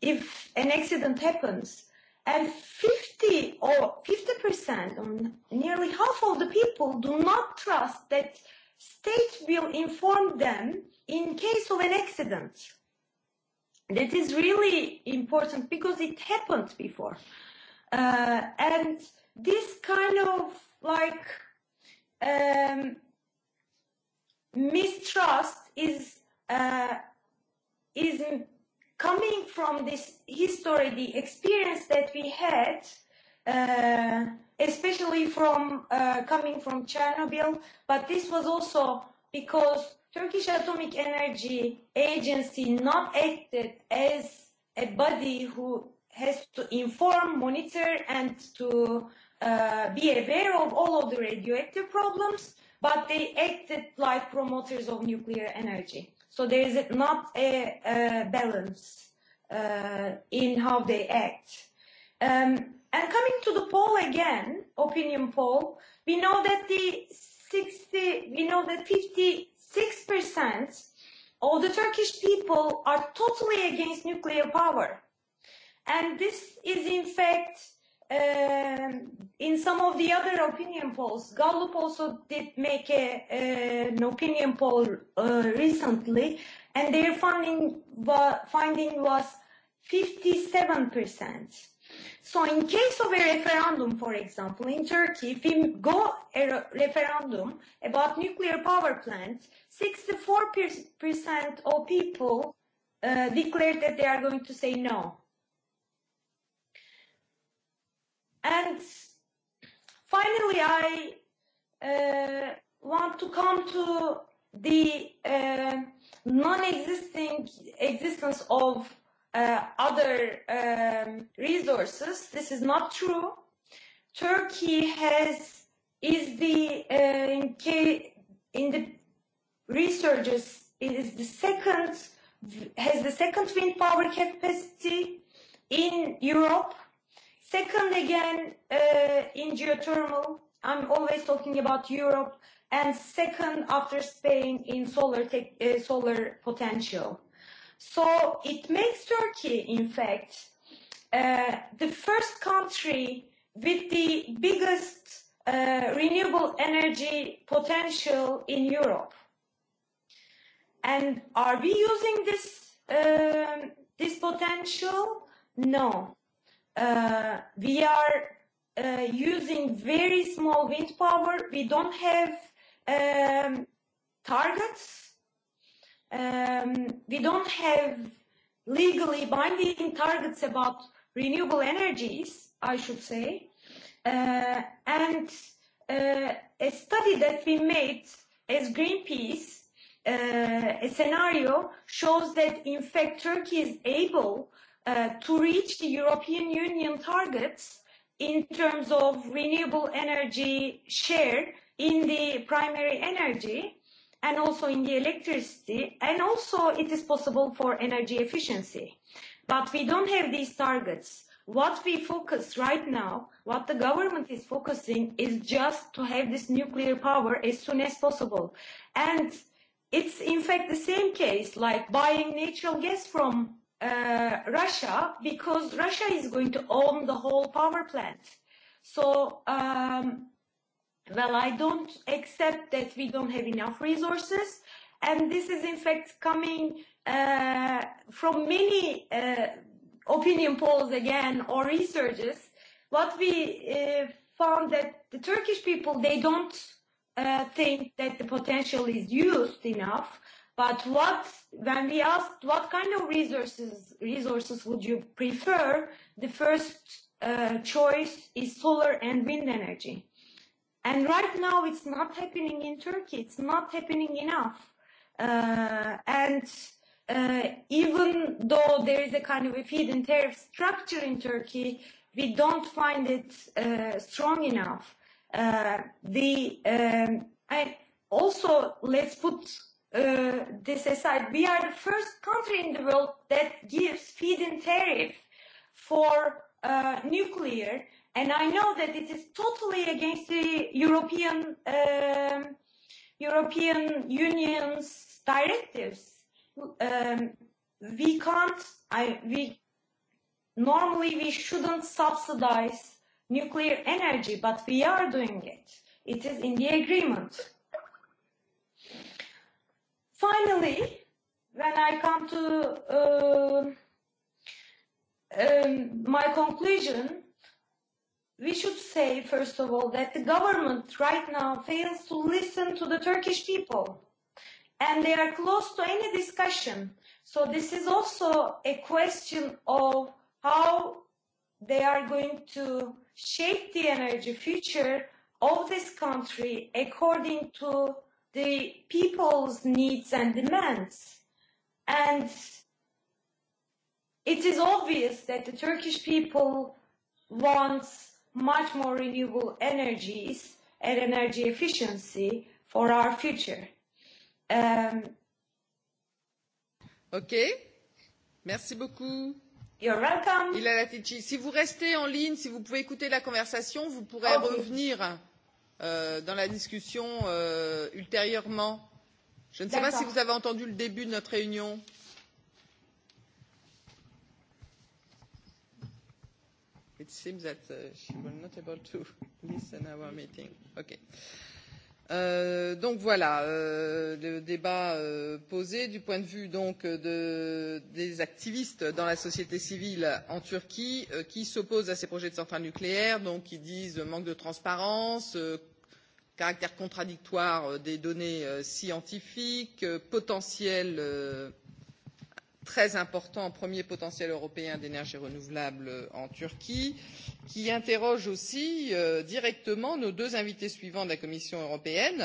Speaker 4: if an accident happens, and 50 or 50 percent, nearly half of the people do not trust that state will inform them in case of an accident. That is really important because it happened before, uh, and this kind of like um, mistrust is. Uh, is coming from this history, the experience that we had, uh, especially from uh, coming from Chernobyl, but this was also because Turkish Atomic Energy Agency not acted as a body who has to inform, monitor, and to uh, be aware of all of the radioactive problems, but they acted like promoters of nuclear energy. So there is not a, a balance uh, in how they act. Um, and coming to the poll again, opinion poll, we know that the 60, we know that 56% of the Turkish people are totally against nuclear power. And this is in fact um, in some of the other opinion polls, Gallup also did make a, a, an opinion poll uh, recently, and their finding, wa- finding was 57%. So in case of a referendum, for example, in Turkey, if we go a referendum about nuclear power plants, 64% of people uh, declared that they are going to say no And finally, I uh, want to come to the uh, non-existing existence of uh, other um, resources. This is not true. Turkey has is the uh, in, K, in the researches is the second has the second wind power capacity in Europe Second, again, uh, in geothermal, I'm always talking about Europe, and second after Spain in solar tech, uh, solar potential. So it makes Turkey, in fact, uh, the first country with the biggest uh, renewable energy potential in Europe. And are we using this this potential? No uh, we are uh, using very small wind power. We don't have um, targets. Um, we don't have legally binding targets about renewable energies, I should say. Uh, and uh, a study that we made as Greenpeace, uh, a scenario shows that in fact Turkey is able uh, uh, to reach the European Union targets in terms of renewable energy share in the primary energy and also in the electricity and also it is possible for energy efficiency but we don't have these targets what we focus right now what the government is focusing is just to have this nuclear power as soon as possible and it's in fact the same case like buying natural gas from uh, Russia because Russia is going to own the whole power plant. So, um, well, I don't accept that we don't have enough resources. And this is, in fact, coming uh, from many uh, opinion polls again or researches. What we uh, found that the Turkish people, they don't uh, think that the potential is used enough But what, when we asked what kind of resources resources would you prefer, the first uh, choice is solar and wind energy. And right now, it's not happening in Turkey. It's not happening enough. Uh, and uh, even though there is a kind of a feed-in tariff structure in Turkey, we don't find it uh, strong enough. Uh, the um, I also let's put uh, this aside, we are the first country in the world that gives feed-in tariff for uh, nuclear, and I know that it is totally against the European uh European Union's directives. Um, we can't. I we normally we shouldn't subsidize nuclear energy, but we are doing it. It is in the agreement Finally, when I come to uh, um, my conclusion, we should say, first of all, that the government right now fails to listen to the Turkish people. And they are close to any discussion. So this is also a question of how they are going to shape the energy future of this country according to the people's needs and demands. And it is obvious that the Turkish people wants much more renewable energies and energy efficiency for our future. Um, ok, merci beaucoup. You're welcome.
Speaker 1: Il a la Si vous restez en ligne, si vous pouvez écouter la conversation, vous pourrez oh, revenir Oui dans la discussion ultérieurement. je ne sais pas si vous avez entendu le début de notre réunion. it seems that she will not able to listen our meeting. Okay donc voilà le débat posé du point de vue donc des activistes dans la société civile en turquie qui s'opposent à ces projets de centrales nucléaires donc qui disent manque de transparence caractère contradictoire des données scientifiques potentiel très important premier potentiel européen d'énergie renouvelable en Turquie, qui interroge aussi directement nos deux invités suivants de la Commission européenne,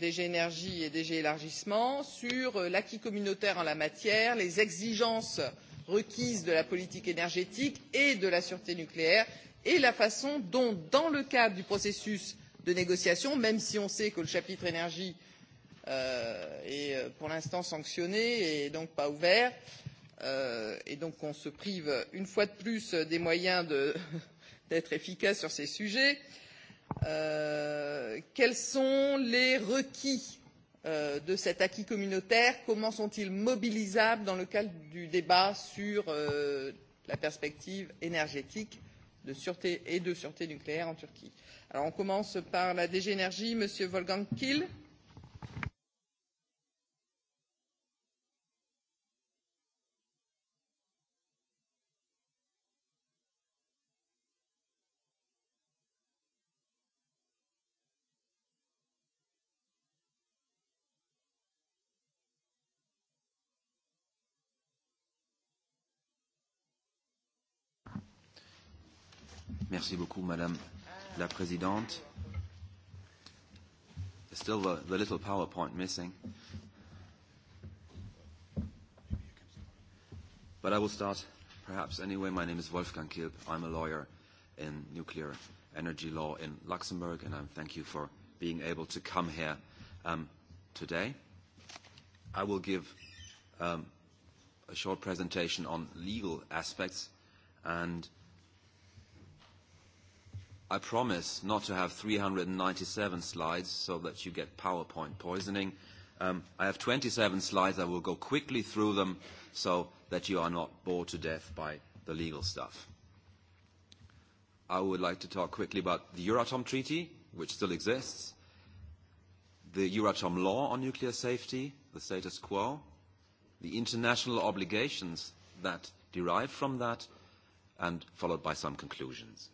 Speaker 1: DG Énergie et DG Élargissement, sur l'acquis communautaire en la matière, les exigences requises de la politique énergétique et de la sûreté nucléaire, et la façon dont, dans le cadre du processus de négociation, même si on sait que le chapitre énergie est pour l'instant sanctionné et donc pas ouvert et donc on se prive une fois de plus des moyens d'être efficace sur ces sujets. quels sont les requis de cet acquis communautaire comment sont ils mobilisables dans le cadre du débat sur la perspective énergétique de sûreté et de sûreté nucléaire en turquie? Alors on commence par la dg énergie m. wolfgang kiel
Speaker 6: Merci beaucoup, Madame la Présidente. There's still the, the little PowerPoint missing. But I will start perhaps anyway. My name is Wolfgang Kilp. I'm a lawyer in nuclear energy law in Luxembourg, and I thank you for being able to come here um, today. I will give um, a short presentation on legal aspects and I promise not to have 397 slides so that you get PowerPoint poisoning. Um, I have 27 slides. I will go quickly through them so that you are not bored to death by the legal stuff. I would like to talk quickly about the Euratom Treaty, which still exists, the Euratom Law on nuclear safety, the status quo, the international obligations that derive from that, and followed by some conclusions.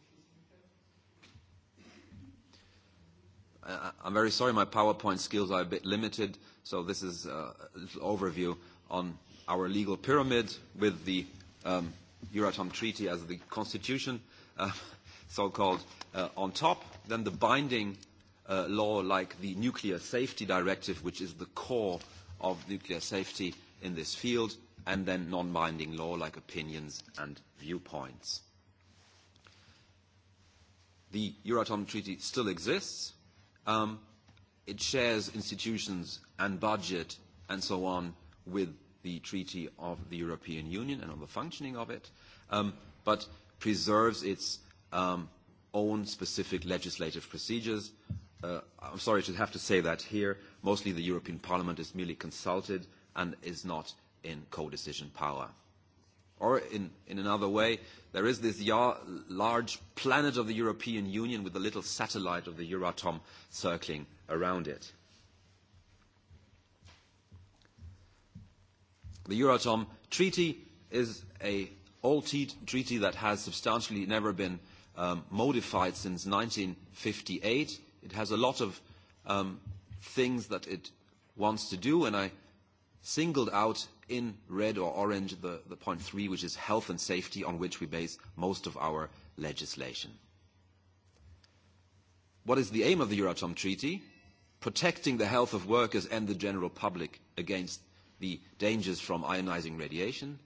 Speaker 6: I'm very sorry my PowerPoint skills are a bit limited, so this is a little overview on our legal pyramid with the Euratom Treaty as the constitution, so-called, on top, then the binding law like the Nuclear Safety Directive, which is the core of nuclear safety in this field, and then non-binding law like opinions and viewpoints. The Euratom Treaty still exists, Um, it shares institutions and budget and so on with the Treaty of the European Union and on the functioning of it, um, but preserves its um, own specific legislative procedures. Uh, I'm sorry to have to say that here. Mostly the European Parliament is merely consulted and is not in co-decision power. Or in, in another way, there is this large planet of the European Union with a little satellite of the Euratom circling around it. The Euratom Treaty is an old te- treaty that has substantially never been um, modified since 1958. It has a lot of um, things that it wants to do, and I singled out in red or orange the, the point three, which is health and safety, on which we base most of our legislation. What is the aim of the Euratom Treaty? Protecting the health of workers and the general public against the dangers from ionizing radiation,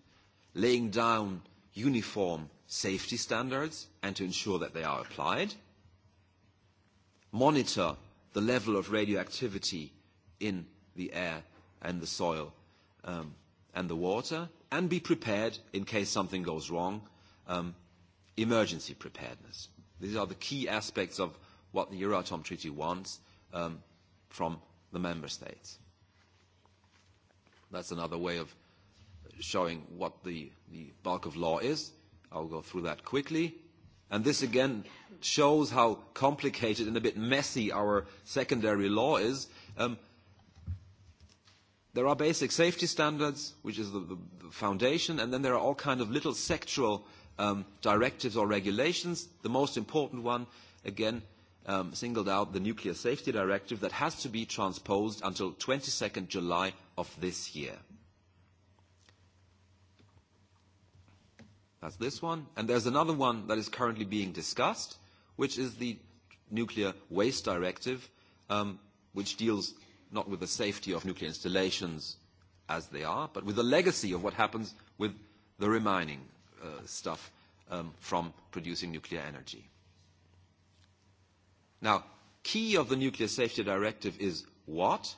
Speaker 6: laying down uniform safety standards and to ensure that they are applied, monitor the level of radioactivity in the air and the soil um, and the water and be prepared in case something goes wrong, um, emergency preparedness. These are the key aspects of what the Euratom Treaty wants um, from the member states. That's another way of showing what the, the bulk of law is. I'll go through that quickly. And this again shows how complicated and a bit messy our secondary law is. Um, There are basic safety standards, which is the, the foundation, and then there are all kinds of little sectoral um, directives or regulations. The most important one, again, um, singled out the Nuclear Safety Directive that has to be transposed until 22nd July of this year. That's this one. And there's another one that is currently being discussed, which is the Nuclear Waste Directive, um, which deals not with the safety of nuclear installations as they are, but with the legacy of what happens with the remaining uh, stuff um, from producing nuclear energy. Now, key of the Nuclear Safety Directive is what?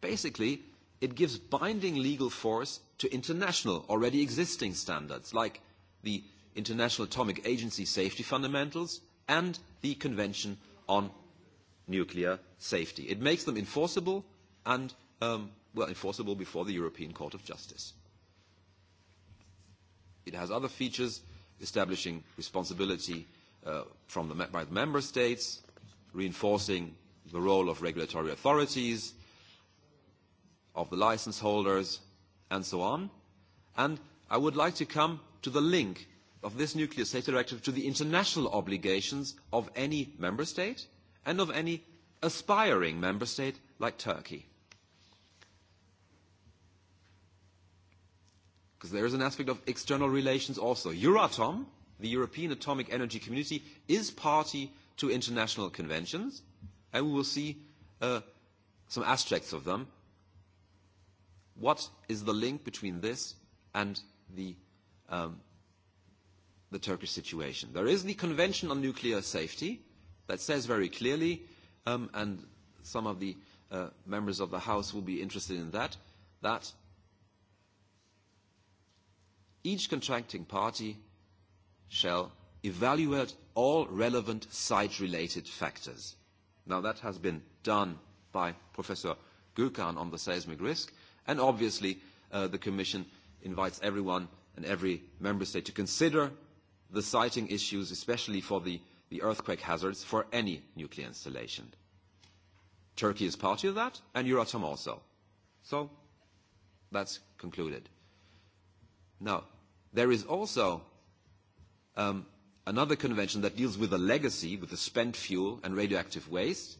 Speaker 6: Basically, it gives binding legal force to international, already existing standards, like the International Atomic Agency Safety Fundamentals and the Convention on nuclear safety. It makes them enforceable and, um, well, enforceable before the European Court of Justice. It has other features establishing responsibility uh, from the, by the member states, reinforcing the role of regulatory authorities, of the license holders, and so on. And I would like to come to the link of this nuclear safety directive to the international obligations of any member state and of any aspiring member state like Turkey. Because there is an aspect of external relations also. Euratom, the European Atomic Energy Community, is party to international conventions, and we will see uh, some aspects of them. What is the link between this and the, um, the Turkish situation? There is the Convention on Nuclear Safety, that says very clearly, um, and some of the uh, members of the House will be interested in that, that each contracting party shall evaluate all relevant site-related factors. Now that has been done by Professor Gurkhan on the seismic risk, and obviously uh, the Commission invites everyone and every member state to consider the siting issues, especially for the uh, the earthquake hazards for any nuclear installation. Turkey is party of that, and Euratom also. So that's concluded. Now, there is also um, another convention that deals with the legacy, with the spent fuel and radioactive waste,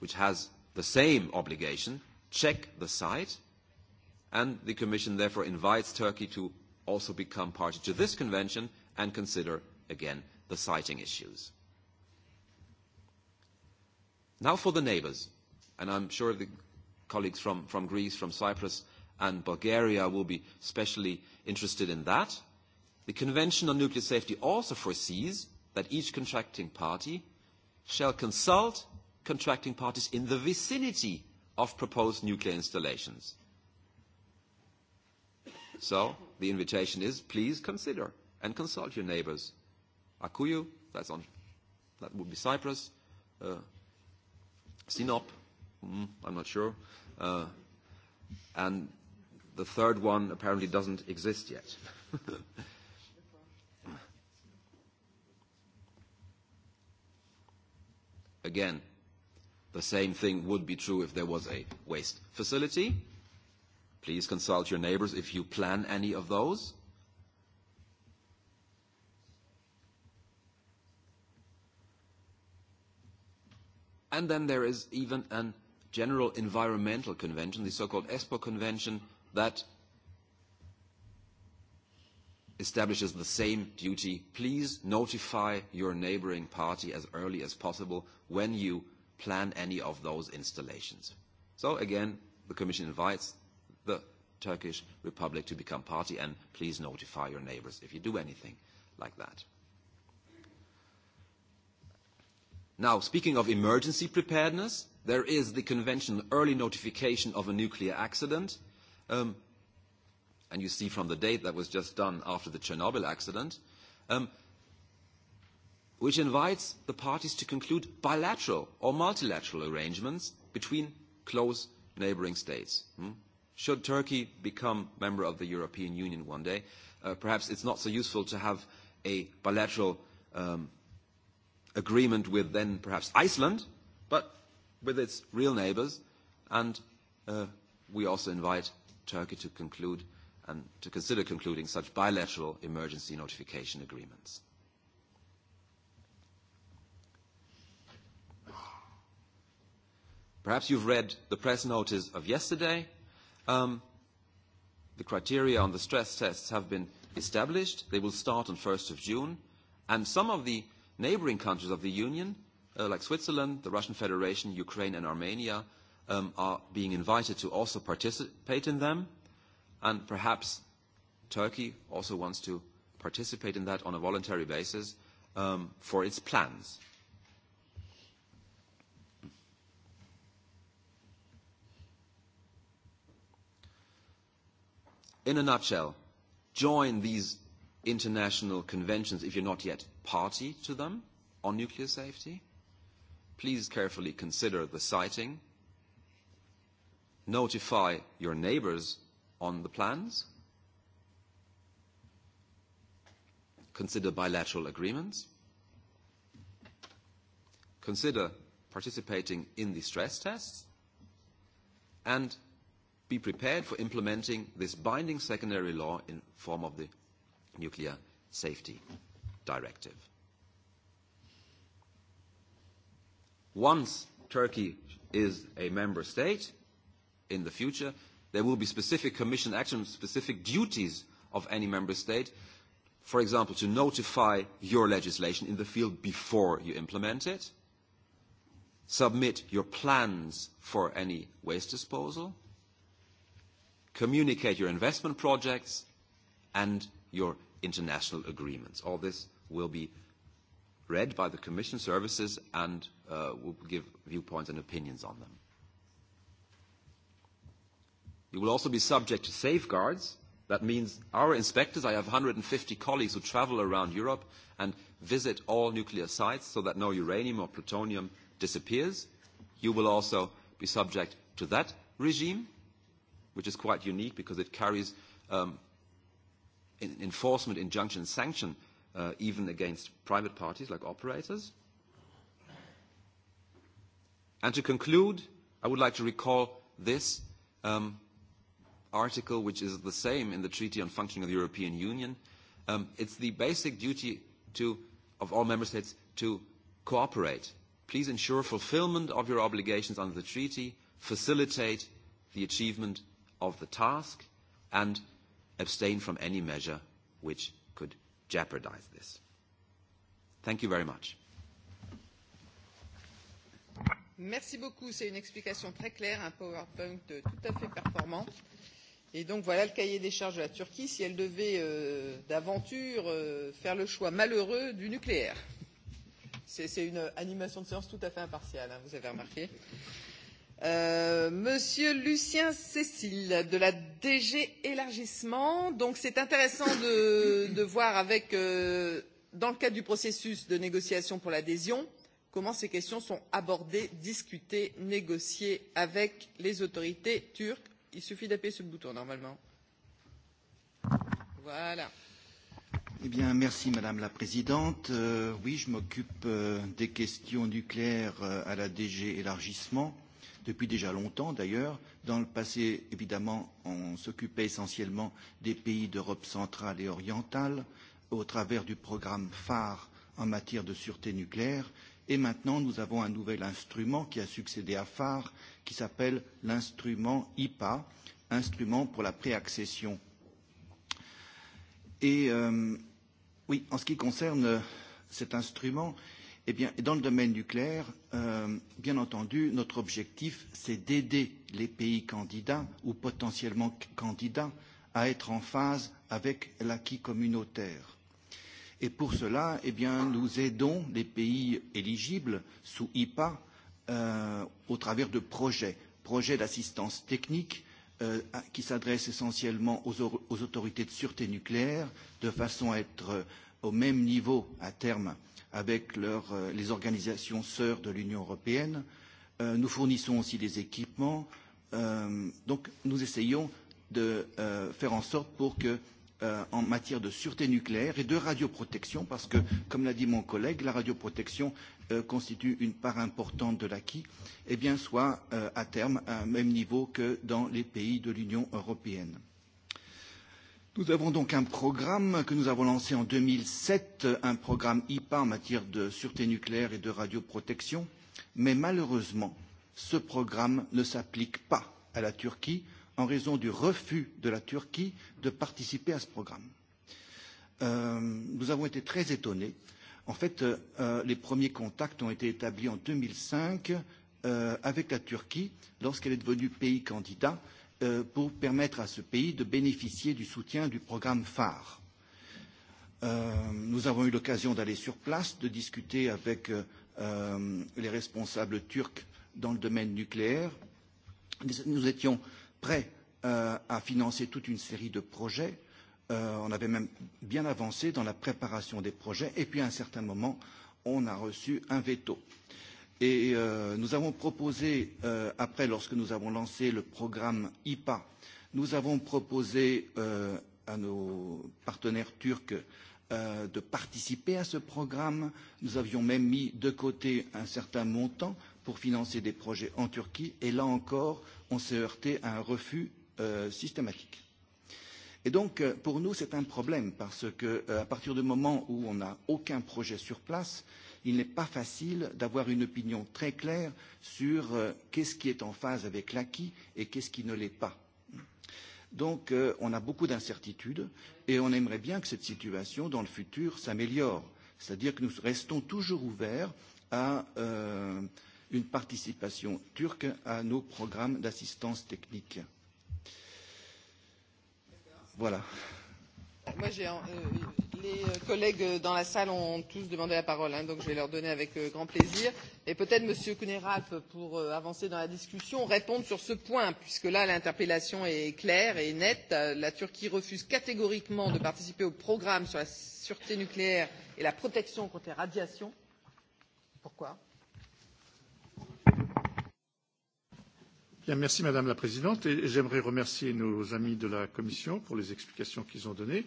Speaker 6: which has the same obligation, check the site, and the Commission therefore invites Turkey to also become party to this convention and consider again the siting issues. Now for the neighbours, and I'm sure the colleagues from, from Greece, from Cyprus and Bulgaria will be especially interested in that. The Convention on Nuclear Safety also foresees that each contracting party shall consult contracting parties in the vicinity of proposed nuclear installations. So the invitation is please consider and consult your neighbours Akuyu, that's on, that would be Cyprus. Uh, Sinop, mm, I'm not sure. Uh, and the third one apparently doesn't exist yet. Again, the same thing would be true if there was a waste facility. Please consult your neighbors if you plan any of those. And then there is even a general environmental convention, the so-called ESPO convention, that establishes the same duty. Please notify your neighboring party as early as possible when you plan any of those installations. So again, the Commission invites the Turkish Republic to become party and please notify your neighbors if you do anything like that. Now, speaking of emergency preparedness, there is the convention early notification of a nuclear accident. Um, and you see from the date that was just done after the Chernobyl accident, um, which invites the parties to conclude bilateral or multilateral arrangements between close neighboring states. Hmm? Should Turkey become member of the European Union one day, uh, perhaps it's not so useful to have a bilateral um, agreement with then perhaps Iceland, but with its real neighbours, and uh, we also invite Turkey to conclude and to consider concluding such bilateral emergency notification agreements. Perhaps you've read the press notice of yesterday. Um, the criteria on the stress tests have been established. They will start on 1st of June. And some of the Neighboring countries of the Union, uh, like Switzerland, the Russian Federation, Ukraine, and Armenia, um, are being invited to also participate in them. And perhaps Turkey also wants to participate in that on a voluntary basis um, for its plans. In a nutshell, join these international conventions if you're not yet party to them on nuclear safety. Please carefully consider the siting. Notify your neighbors on the plans. Consider bilateral agreements. Consider participating in the stress tests. And be prepared for implementing this binding secondary law in form of the Nuclear Safety Directive. Once Turkey is a member state, in the future, there will be specific commission action, specific duties of any member state, for example, to notify your legislation in the field before you implement it, submit your plans for any waste disposal, communicate your investment projects and your international agreements. All this will be read by the Commission services and uh, will give viewpoints and opinions on them. You will also be subject to safeguards. That means our inspectors, I have 150 colleagues who travel around Europe and visit all nuclear sites so that no uranium or plutonium disappears. You will also be subject to that regime, which is quite unique because it carries um, enforcement, injunction, sanction, uh, even against private parties like operators. And to conclude, I would like to recall this um, article, which is the same in the Treaty on Functioning of the European Union. Um, it's the basic duty to, of all member states to cooperate. Please ensure fulfillment of your obligations under the treaty, facilitate the achievement of the task, and abstain from any measure which could jeopardize this. Thank you very much.
Speaker 1: Merci beaucoup. C'est une explication très claire, un PowerPoint tout à fait performant. Et donc voilà le cahier des charges de la Turquie si elle devait euh, d'aventure euh, faire le choix malheureux du nucléaire. C'est une animation de séance tout à fait impartiale, hein, vous avez remarqué. Euh, Monsieur Lucien Cécile de la DG Élargissement. Donc c'est intéressant de, de voir avec, euh, dans le cadre du processus de négociation pour l'adhésion, comment ces questions sont abordées, discutées, négociées avec les autorités turques. Il suffit d'appuyer sur le bouton normalement. Voilà.
Speaker 7: Eh bien, merci Madame la Présidente. Euh, oui, je m'occupe euh, des questions nucléaires euh, à la DG élargissement depuis déjà longtemps d'ailleurs. Dans le passé, évidemment, on s'occupait essentiellement des pays d'Europe centrale et orientale au travers du programme phare en matière de sûreté nucléaire. Et maintenant, nous avons un nouvel instrument qui a succédé à phare, qui s'appelle l'instrument IPA, instrument pour la préaccession. Et euh, oui, en ce qui concerne cet instrument, euh, Eh bien, dans le domaine nucléaire, euh, bien entendu, notre objectif, c'est d'aider les pays candidats ou potentiellement candidats à être en phase avec l'acquis communautaire. Et pour cela, eh bien, nous aidons les pays éligibles sous IPA euh, au travers de projets, projets d'assistance technique euh, qui s'adressent essentiellement aux, aux autorités de sûreté nucléaire de façon à être au même niveau à terme euh, avec leur, les organisations sœurs de l'Union européenne. Euh, nous fournissons aussi des équipements. Euh, donc nous essayons de euh, faire en sorte pour que euh, en matière de sûreté nucléaire et de radioprotection, parce que, comme l'a dit mon collègue, la radioprotection euh, constitue une part importante de l'acquis, eh bien, soit euh, à terme à un même niveau que dans les pays de l'Union européenne. Nous avons donc un programme que nous avons lancé en deux mille sept, un programme IPA en matière de sûreté nucléaire et de radioprotection, mais malheureusement, ce programme ne s'applique pas à la Turquie en raison du refus de la Turquie de participer à ce programme. nous avons été très étonnés. En fait, les premiers contacts ont été établis en deux mille cinq avec la Turquie lorsqu'elle est devenue pays candidat pour permettre à ce pays de bénéficier du soutien du programme phare. nous avons eu l'occasion d'aller sur place, de discuter avec les responsables turcs dans le domaine nucléaire. Nous étions prêts à financer toute une série de projets. on avait même bien avancé dans la préparation des projets. Et puis, à un certain moment, on a reçu un veto. Euh, Et euh, nous avons proposé, euh, après, lorsque nous avons lancé le programme IPA, nous avons proposé euh, à nos partenaires turcs euh, de participer à ce programme. Nous avions même mis de côté un certain montant pour financer des projets en Turquie. Et là encore, on s'est heurté à un refus euh, systématique. Et donc, pour nous, c'est un problème parce que, euh, à partir du moment où on n'a aucun projet sur place, il n'est pas facile d'avoir une opinion très claire sur qu'est-ce qui est en phase avec l'acquis et qu'est-ce qui ne l'est pas. Donc euh, on a beaucoup d'incertitudes et on aimerait bien que cette situation dans le futur s'améliore. C'est-à-dire que nous restons toujours ouverts à euh, une participation turque à nos programmes d'assistance technique. Voilà.
Speaker 1: Moi, j'ai, euh, les collègues dans la salle ont tous demandé la parole, hein, donc je vais leur donner avec grand plaisir. Et peut-être Monsieur Kuneralp, pour avancer dans la discussion, répondre sur ce point, puisque là l'interpellation est claire et nette. La Turquie refuse catégoriquement de participer au programme sur la sûreté nucléaire et la protection contre les radiations. Pourquoi
Speaker 5: Merci, Madame la Présidente. et J'aimerais remercier nos amis de la Commission pour les explications qu'ils ont données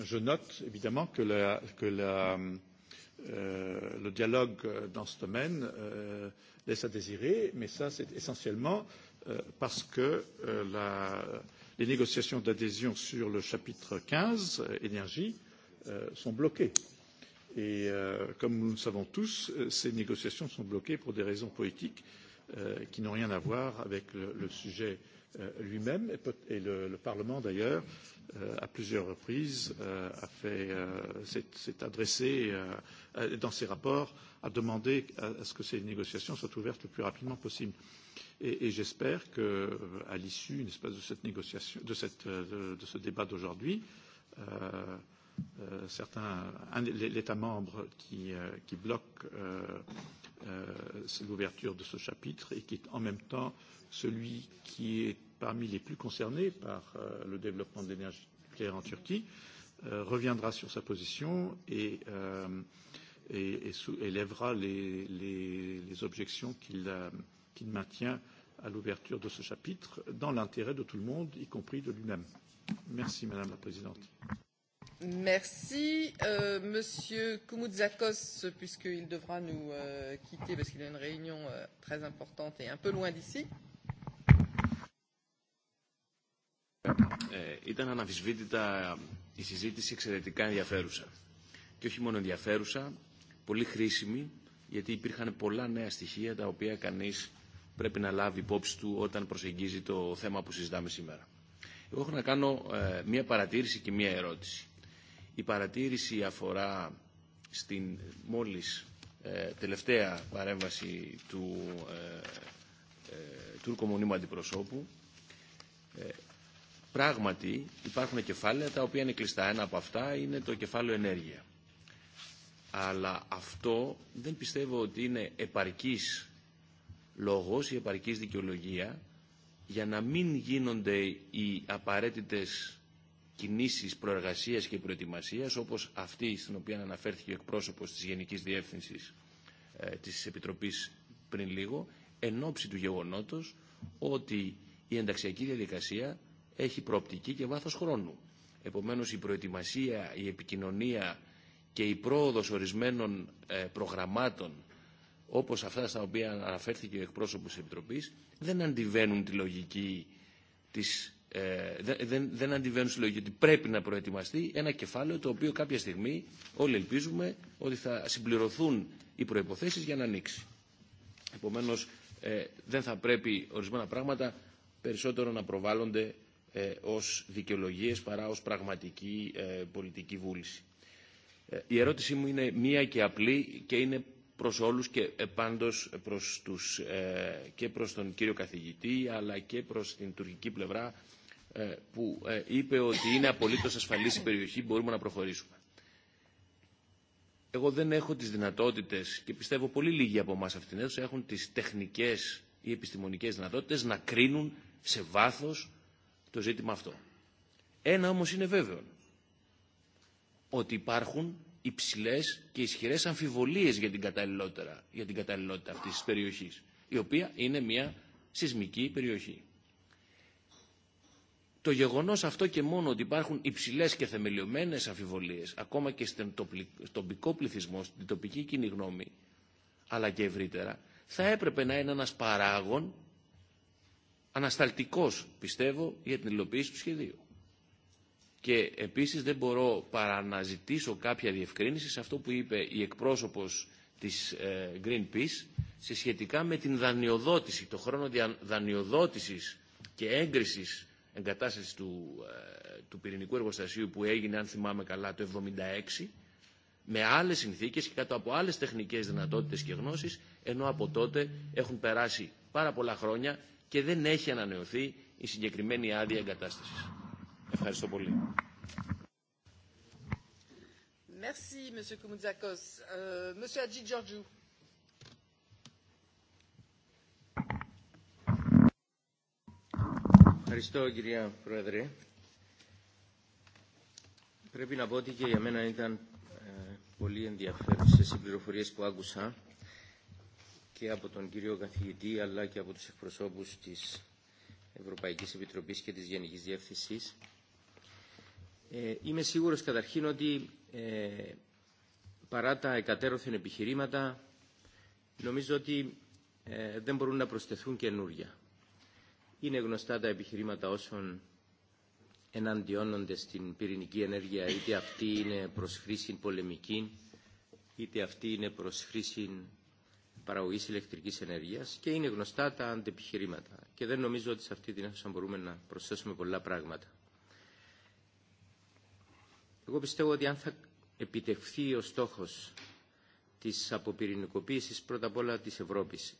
Speaker 5: je note évidemment que, le dialogue dans ce domaine laisse à désirer, mais ça c'est essentiellement parce que les négociations d'adhésion sur le chapitre quinze, énergie, sont bloquées. Et comme nous le savons tous, ces négociations sont bloquées pour des raisons politiques qui n'ont rien à voir avec le, sujet lui-même et, le, Parlement d'ailleurs à plusieurs reprises s'est adressé dans ses rapports à demander à, ce que ces négociations soient ouvertes le plus rapidement possible. Et, j'espère que, à l'issue de cette négociation, de, ce débat d'aujourd'hui, certains, l'État membre qui, bloque l'ouverture de ce chapitre et qui est en même temps celui qui est parmi les plus concernés par le développement de l'énergie nucléaire en Turquie, reviendra sur sa position et, euh, et, et, sous, élèvera les, les, les objections qu'il qu maintient à l'ouverture de ce chapitre, dans l'intérêt de tout le monde, y compris de lui-même. Merci, Madame la Présidente.
Speaker 1: Merci. Euh, Monsieur Koumoudzakos, puisqu'il devra nous euh, quitter parce qu'il a une réunion euh, très importante et un peu loin d'ici. Euh,
Speaker 2: Ήταν αναμφισβήτητα η συζήτηση εξαιρετικά ενδιαφέρουσα. Και όχι μόνο ενδιαφέρουσα, πολύ χρήσιμη, γιατί υπήρχαν πολλά νέα στοιχεία τα οποία κανείς πρέπει να λάβει υπόψη του όταν προσεγγίζει το θέμα που συζητάμε σήμερα. Εγώ έχω να κάνω ε, μία παρατήρηση και μία ερώτηση. Η παρατήρηση αφορά στην μόλις ε, τελευταία παρέμβαση του ε, ε, Τούρκο Μονίμου Αντιπροσώπου. Ε, Πράγματι υπάρχουν κεφάλαια τα οποία είναι κλειστά. Ένα από αυτά είναι το κεφάλαιο ενέργεια. Αλλά αυτό δεν πιστεύω ότι είναι επαρκής λόγος ή επαρκής δικαιολογία για να μην γίνονται οι απαραίτητες κινήσεις προεργασίας και προετοιμασίας όπως αυτή στην οποία αναφέρθηκε ο εκπρόσωπος της Γενικής Διεύθυνσης ε, της Επιτροπής πριν λίγο εν ώψη του γεγονότος ότι η ενταξιακή διαδικασία έχει προοπτική και βάθος χρόνου. Επομένως η προετοιμασία, η επικοινωνία και η πρόοδος ορισμένων προγραμμάτων όπως αυτά στα οποία αναφέρθηκε ο εκπρόσωπος της Επιτροπής δεν αντιβαίνουν τη λογική της δεν, δεν αντιβαίνουν στη λογική ότι πρέπει να προετοιμαστεί ένα κεφάλαιο το οποίο κάποια στιγμή όλοι ελπίζουμε ότι θα συμπληρωθούν οι προϋποθέσεις για να ανοίξει. Επομένως, ε, δεν θα πρέπει ορισμένα πράγματα περισσότερο να προβάλλονται ως δικαιολογίες παρά ως πραγματική πολιτική βούληση. Η ερώτησή μου είναι μία και απλή και είναι προς όλους και πάντως προς τους, και προς τον κύριο καθηγητή αλλά και προς την τουρκική πλευρά που είπε ότι είναι απολύτως ασφαλής η περιοχή, μπορούμε να προχωρήσουμε. Εγώ δεν έχω τις δυνατότητες και πιστεύω πολύ λίγοι από εμάς αυτήν έχουν τις τεχνικές ή επιστημονικές δυνατότητες να κρίνουν σε βάθος το ζήτημα αυτό. Ένα όμως είναι βέβαιο. Ότι υπάρχουν υψηλέ και ισχυρές αμφιβολίες για την καταλληλότητα, για την καταλληλότητα αυτής της περιοχής, η οποία είναι μια σεισμική περιοχή. Το γεγονός αυτό και μόνο ότι υπάρχουν υψηλές και θεμελιωμένες αμφιβολίες, ακόμα και στον τοπικό πληθυσμό, στην τοπική κοινή γνώμη, αλλά και ευρύτερα, θα έπρεπε να είναι ένας παράγον ανασταλτικός, πιστεύω, για την υλοποίηση του σχεδίου. Και επίσης δεν μπορώ παρά να ζητήσω κάποια διευκρίνηση σε αυτό που είπε η εκπρόσωπος της Greenpeace σε σχετικά με την δανειοδότηση, το χρόνο δανειοδότησης και έγκρισης εγκατάστασης του, του πυρηνικού εργοστασίου που έγινε, αν θυμάμαι καλά, το 1976, με άλλες συνθήκες και κάτω από άλλες τεχνικές δυνατότητες και γνώσεις, ενώ από τότε έχουν περάσει πάρα πολλά χρόνια και δεν έχει ανανεωθεί η συγκεκριμένη άδεια εγκατάστασης. Ευχαριστώ πολύ.
Speaker 1: Merci, Monsieur Koumoudzakos. Euh, Monsieur Adji Georgiou.
Speaker 8: Ευχαριστώ, κυρία Πρόεδρε. Πρέπει να πω ότι και για μένα ήταν ε, πολύ ενδιαφέρουσες οι πληροφορίες που άκουσα και από τον κύριο καθηγητή αλλά και από τους εκπροσώπους της Ευρωπαϊκής Επιτροπής και της Γενικής Διεύθυνσης. Ε, είμαι σίγουρος καταρχήν ότι ε, παρά τα εκατέρωθεν επιχειρήματα νομίζω ότι ε, δεν μπορούν να προσθεθούν καινούρια. Είναι γνωστά τα επιχειρήματα όσων εναντιώνονται στην πυρηνική ενέργεια, είτε αυτή είναι προς χρήση πολεμική, είτε αυτή είναι προς χρήση παραγωγής ηλεκτρικής ενέργειας και είναι γνωστά τα αντεπιχειρήματα και δεν νομίζω ότι σε αυτή την αίθουσα μπορούμε να προσθέσουμε πολλά πράγματα. Εγώ πιστεύω ότι αν θα επιτευχθεί ο στόχος της αποπυρηνικοποίησης πρώτα απ' όλα της Ευρώπης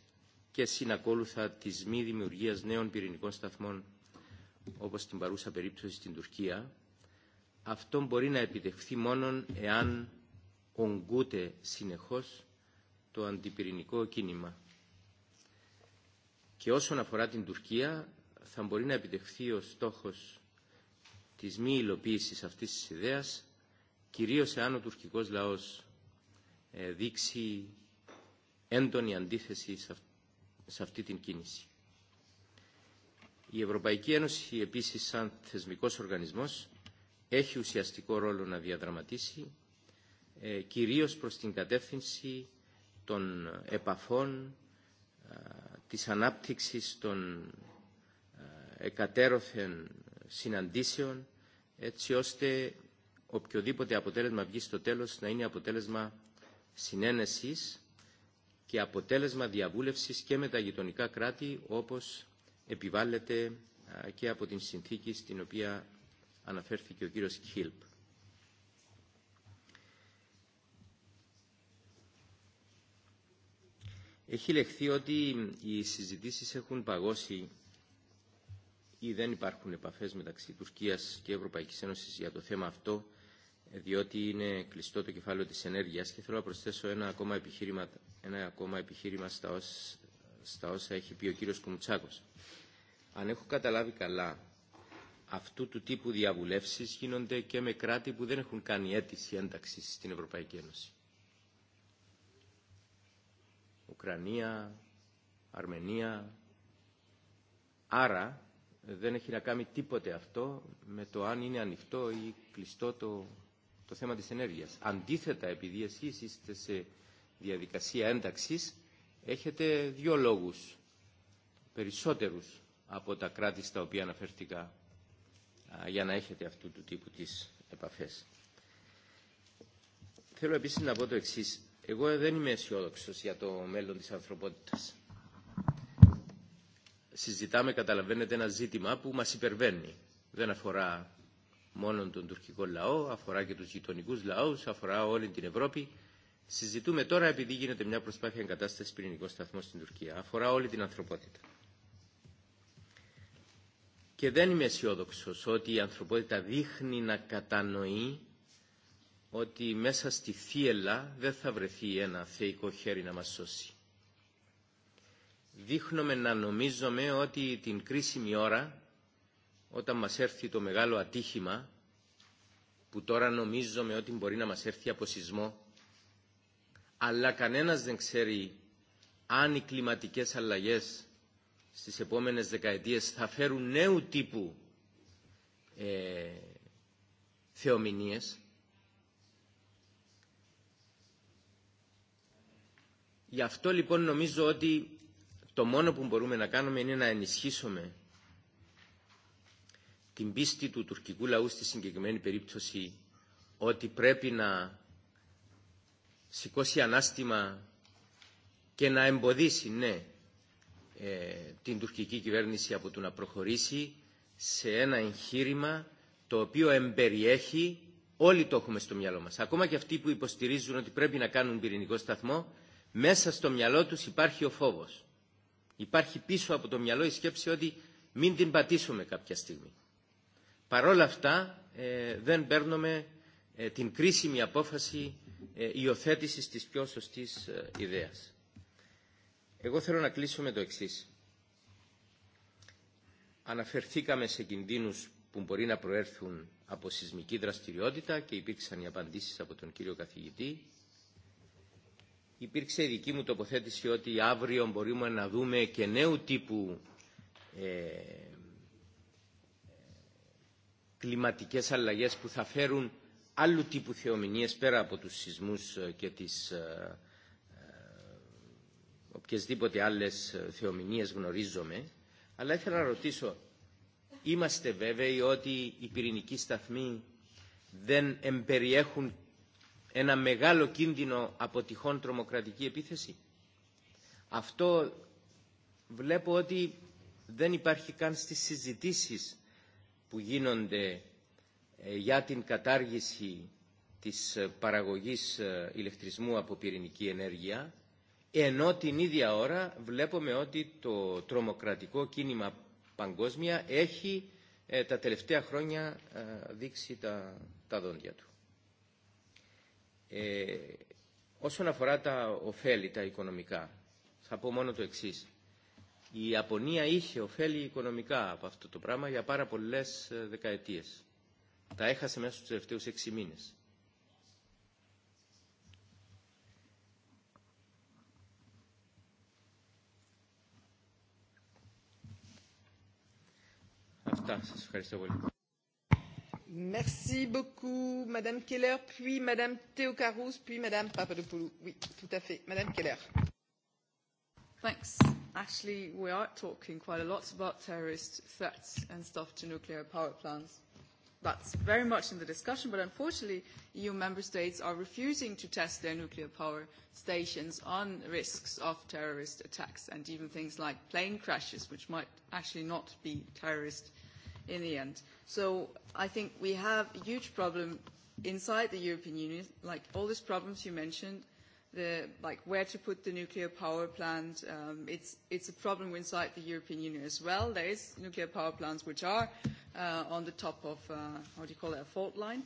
Speaker 8: και συνακόλουθα της μη δημιουργίας νέων πυρηνικών σταθμών όπως την παρούσα περίπτωση στην Τουρκία, αυτό μπορεί να επιτευχθεί μόνο εάν ογκούται συνεχώς το αντιπυρηνικό κίνημα. Και όσον αφορά την Τουρκία, θα μπορεί να επιτευχθεί ο στόχος της μη υλοποίηση αυτής της ιδέας, κυρίως εάν ο τουρκικός λαός δείξει έντονη αντίθεση σε αυτή την κίνηση. Η Ευρωπαϊκή Ένωση επίσης σαν θεσμικός οργανισμός έχει ουσιαστικό ρόλο να διαδραματίσει, κυρίως προς την κατεύθυνση των επαφών, της ανάπτυξης των εκατέρωθεν συναντήσεων, έτσι ώστε οποιοδήποτε αποτέλεσμα βγει στο τέλος να είναι αποτέλεσμα συνένεσης και αποτέλεσμα διαβούλευσης και με τα γειτονικά κράτη όπως επιβάλλεται και από την συνθήκη στην οποία αναφέρθηκε ο κύριος Χίλπ. Έχει λεχθεί ότι οι συζητήσεις έχουν παγώσει ή δεν υπάρχουν επαφές μεταξύ Τουρκίας και Ευρωπαϊκής Ένωσης για το θέμα αυτό, διότι είναι κλειστό το κεφάλαιο της ενέργειας και θέλω να προσθέσω ένα ακόμα επιχείρημα, ένα ακόμα επιχείρημα στα, ως, στα όσα έχει πει ο κύριος Κουμουτσάκος. Αν έχω καταλάβει καλά, αυτού του τύπου διαβουλεύσεις γίνονται και με κράτη που δεν έχουν κάνει αίτηση ένταξης στην Ευρωπαϊκή Ένωση. Ουκρανία, Αρμενία. Άρα δεν έχει να κάνει τίποτε αυτό με το αν είναι ανοιχτό ή κλειστό το, το θέμα της ενέργειας. Αντίθετα, επειδή εσείς είστε σε διαδικασία ένταξης, έχετε δύο λόγους περισσότερους από τα κράτη στα οποία αναφέρθηκα για να έχετε αυτού του τύπου τις επαφές. Θέλω επίσης να πω το εξής. Εγώ δεν είμαι αισιόδοξο για το μέλλον της ανθρωπότητας. Συζητάμε, καταλαβαίνετε, ένα ζήτημα που μας υπερβαίνει. Δεν αφορά μόνο τον τουρκικό λαό, αφορά και τους γειτονικούς λαούς, αφορά όλη την Ευρώπη. Συζητούμε τώρα επειδή γίνεται μια προσπάθεια εγκατάσταση πυρηνικών σταθμών στην Τουρκία. Αφορά όλη την ανθρωπότητα. Και δεν είμαι αισιόδοξο ότι η ανθρωπότητα δείχνει να κατανοεί ότι μέσα στη θύελα δεν θα βρεθεί ένα θεϊκό χέρι να μας σώσει. Δείχνουμε να νομίζουμε ότι την κρίσιμη ώρα, όταν μας έρθει το μεγάλο ατύχημα, που τώρα νομίζουμε ότι μπορεί να μας έρθει από σεισμό, αλλά κανένας δεν ξέρει αν οι κλιματικές αλλαγές στις επόμενες δεκαετίες θα φέρουν νέου τύπου ε, θεομηνίες, Γι' αυτό λοιπόν νομίζω ότι το μόνο που μπορούμε να κάνουμε είναι να ενισχύσουμε την πίστη του τουρκικού λαού στη συγκεκριμένη περίπτωση ότι πρέπει να σηκώσει ανάστημα και να εμποδίσει, ναι, ε, την τουρκική κυβέρνηση από το να προχωρήσει σε ένα εγχείρημα το οποίο εμπεριέχει, όλοι το έχουμε στο μυαλό μας, ακόμα και αυτοί που υποστηρίζουν ότι πρέπει να κάνουν πυρηνικό σταθμό, μέσα στο μυαλό τους υπάρχει ο φόβος. Υπάρχει πίσω από το μυαλό η σκέψη ότι μην την πατήσουμε κάποια στιγμή. Παρόλα αυτά ε, δεν παίρνουμε ε, την κρίσιμη απόφαση ε, υιοθέτηση της πιο σωστής ε, ιδέας. Εγώ θέλω να κλείσω με το εξή. Αναφερθήκαμε σε κινδύνους που μπορεί να προέρθουν από σεισμική δραστηριότητα και υπήρξαν οι απαντήσεις από τον κύριο καθηγητή υπήρξε η δική μου τοποθέτηση ότι αύριο μπορούμε να δούμε και νέου τύπου ε, κλιματικές αλλαγές που θα φέρουν άλλου τύπου θεομηνίες πέρα από τους σεισμούς και τις ε, οποιασδήποτε άλλες θεομηνίες γνωρίζομαι, αλλά ήθελα να ρωτήσω, είμαστε βέβαιοι ότι οι πυρηνικοί σταθμοί δεν εμπεριέχουν ένα μεγάλο κίνδυνο από τυχόν τρομοκρατική επίθεση. Αυτό βλέπω ότι δεν υπάρχει καν στις συζητήσεις που γίνονται για την κατάργηση της παραγωγής ηλεκτρισμού από πυρηνική ενέργεια, ενώ την ίδια ώρα βλέπουμε ότι το τρομοκρατικό κίνημα παγκόσμια έχει τα τελευταία χρόνια δείξει τα, τα δόντια του. Ε, όσον αφορά τα ωφέλη, τα οικονομικά, θα πω μόνο το εξή. Η Ιαπωνία είχε ωφέλη οικονομικά από αυτό το πράγμα για πάρα πολλέ δεκαετίε. Τα έχασε μέσα στου τελευταίου έξι μήνε. Αυτά. Σας ευχαριστώ πολύ.
Speaker 1: Merci beaucoup, Madame Keller, puis Madame Theocarous, puis Madame Papadopoulou. Oui, tout à fait, Madame Keller.
Speaker 9: Thanks. Actually, we are talking quite a lot about terrorist threats and stuff to nuclear power plants. That's very much in the discussion, but unfortunately, EU member states are refusing to test their nuclear power stations on risks of terrorist attacks and even things like plane crashes, which might actually not be terrorist in the end. So I think we have a huge problem inside the European Union, like all these problems you mentioned, the, like where to put the nuclear power plant. Um, it's, it's a problem inside the European Union as well. There is nuclear power plants which are uh, on the top of, uh, what do you call it, a fault line.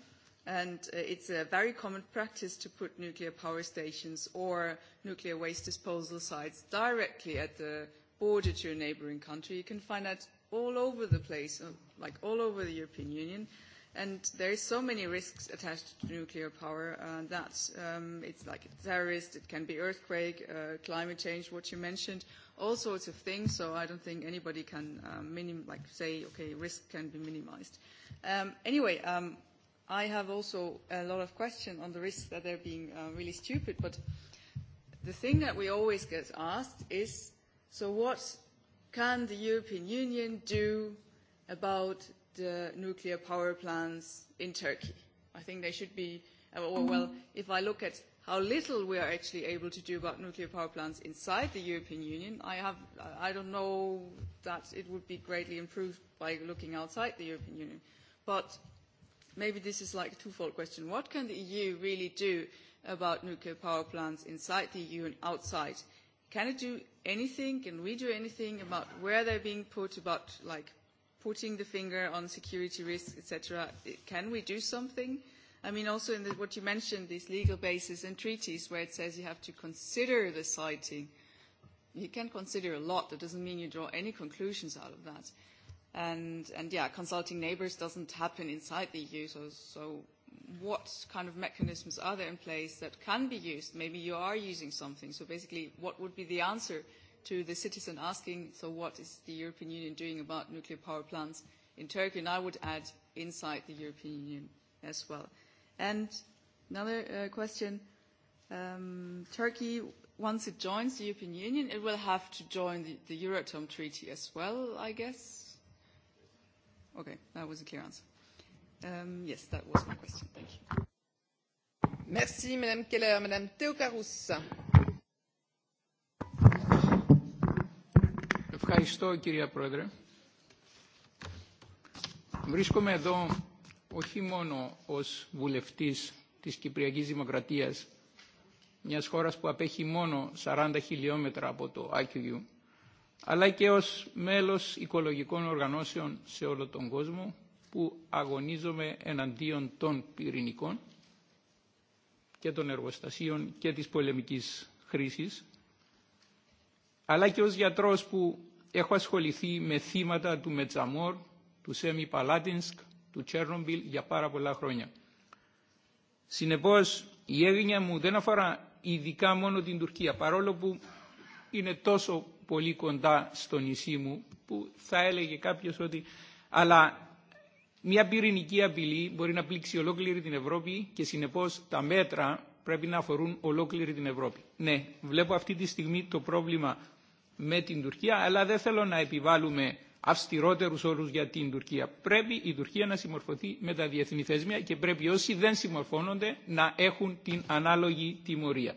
Speaker 9: And uh, it's a very common practice to put nuclear power stations or nuclear waste disposal sites directly at the border to a neighboring country. You can find that all over the place, like all over the European Union. And there are so many risks attached to nuclear power uh, that um, it's like a terrorist, it can be earthquake, uh, climate change, what you mentioned, all sorts of things. So I don't think anybody can uh, minim- like say, okay, risk can be minimized. Um, anyway, um, I have also a lot of questions on the risks that they're being uh, really stupid. But the thing that we always get asked is, so what can the European Union do about the nuclear power plants in Turkey? I think they should be, or well, if I look at how little we are actually able to do about nuclear power plants inside the European Union, I, have, I don't know that it would be greatly improved by looking outside the European Union. But maybe this is like a twofold question. What can the EU really do about nuclear power plants inside the EU and outside Can it do anything? Can we do anything about where they're being put, about like putting the finger on security risks, etc.? Can we do something? I mean, also in the, what you mentioned, these legal bases and treaties where it says you have to consider the sighting. You can consider a lot. That doesn't mean you draw any conclusions out of that. And, and yeah, consulting neighbors doesn't happen inside the EU, so, so what kind of mechanisms are there in place that can be used? Maybe you are using something. So basically, what would be the answer to the citizen asking, so what is the European Union doing about nuclear power plants in Turkey? And I would add, inside the European Union as well. And another uh, question. Um, Turkey, once it joins the European Union, it will have to join the, the Euratom Treaty as well, I guess? Okay, that was a clear answer yes, that was my question. Thank you.
Speaker 1: Merci, Madame Keller. Madame Theocarous.
Speaker 10: Ευχαριστώ, κυρία Πρόεδρε. Βρίσκομαι εδώ όχι μόνο ως βουλευτής της Κυπριακής Δημοκρατίας, μιας χώρας που απέχει μόνο 40 χιλιόμετρα από το IQU, αλλά και ως μέλος οικολογικών οργανώσεων σε όλο τον κόσμο, που αγωνίζομαι εναντίον των πυρηνικών και των εργοστασίων και της πολεμικής χρήσης, αλλά και ως γιατρός που έχω ασχοληθεί με θύματα του Μετζαμόρ, του Σέμι Παλάτινσκ, του Τσέρνομπιλ για πάρα πολλά χρόνια. Συνεπώς, η έγνοια μου δεν αφορά ειδικά μόνο την Τουρκία, παρόλο που είναι τόσο πολύ κοντά στο νησί μου, που θα έλεγε κάποιος ότι... Αλλά Μια πυρηνική απειλή μπορεί να πλήξει ολόκληρη την Ευρώπη και συνεπώ τα μέτρα πρέπει να αφορούν ολόκληρη την Ευρώπη. Ναι, βλέπω αυτή τη στιγμή το πρόβλημα με την Τουρκία, αλλά δεν θέλω να επιβάλλουμε αυστηρότερου όρου για την Τουρκία. Πρέπει η Τουρκία να συμμορφωθεί με τα διεθνή θέσμια και πρέπει όσοι δεν συμμορφώνονται να έχουν την ανάλογη τιμωρία.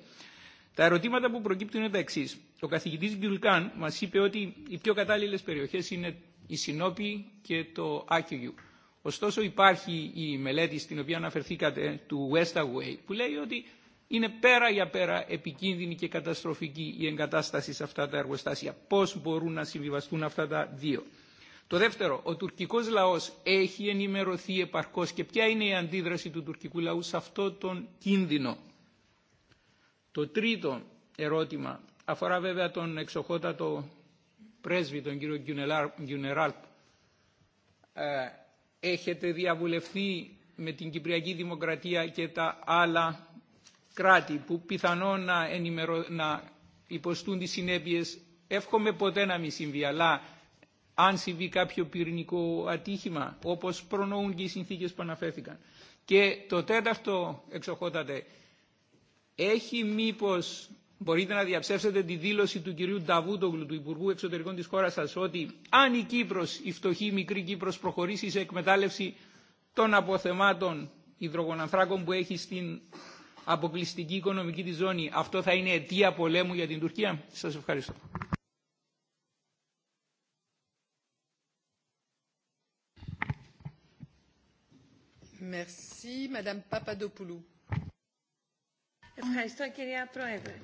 Speaker 10: Τα ερωτήματα που προκύπτουν είναι τα εξή. Ο καθηγητή Γκιουλκάν μα είπε ότι οι πιο κατάλληλε περιοχέ είναι η Συνόπη και το Άκυγιου. Ωστόσο υπάρχει η μελέτη στην οποία αναφερθήκατε του Westaway που λέει ότι είναι πέρα για πέρα επικίνδυνη και καταστροφική η εγκατάσταση σε αυτά τα εργοστάσια. Πώς μπορούν να συμβιβαστούν αυτά τα δύο. Το δεύτερο, ο τουρκικός λαός έχει ενημερωθεί επαρκώς και ποια είναι η αντίδραση του τουρκικού λαού σε αυτό τον κίνδυνο. Το τρίτο ερώτημα αφορά βέβαια τον εξοχότατο πρέσβη, τον κύριο Γκιουνεράλπ έχετε διαβουλευθεί με την Κυπριακή Δημοκρατία και τα άλλα κράτη που πιθανόν να, ενημερω... να υποστούν τις συνέπειες. Εύχομαι ποτέ να μην συμβεί, αλλά αν συμβεί κάποιο πυρηνικό ατύχημα, όπως προνοούν και οι συνθήκες που αναφέρθηκαν. Και το τέταρτο, εξοχότατε, έχει μήπως μπορείτε να διαψεύσετε τη δήλωση του κυρίου Νταβούτογλου, του Υπουργού Εξωτερικών της χώρας σας, ότι αν η Κύπρος, η φτωχή μικρή Κύπρος, προχωρήσει σε εκμετάλλευση των αποθεμάτων υδρογονανθράκων που έχει στην αποκλειστική οικονομική της ζώνη, αυτό θα είναι αιτία πολέμου για την Τουρκία. Σας ευχαριστώ.
Speaker 11: Merci, Madame Papadopoulou. Ευχαριστώ κυρία Πρόεδρε.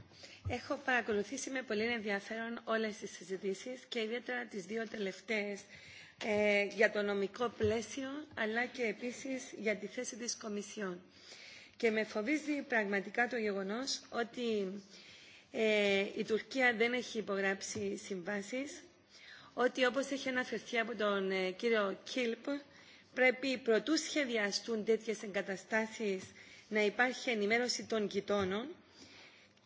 Speaker 11: Έχω παρακολουθήσει με πολύ ενδιαφέρον όλες τις συζητήσεις και ιδιαίτερα τις δύο τελευταίες ε, για το νομικό πλαίσιο αλλά και επίσης για τη θέση της Κομισιόν. Και με φοβίζει πραγματικά το γεγονός ότι ε, η Τουρκία δεν έχει υπογράψει συμβάσεις, ότι όπως έχει αναφερθεί από τον ε, κύριο Κίλπ, πρέπει προτού σχεδιαστούν τέτοιες εγκαταστάσεις να υπάρχει ενημέρωση των γειτόνων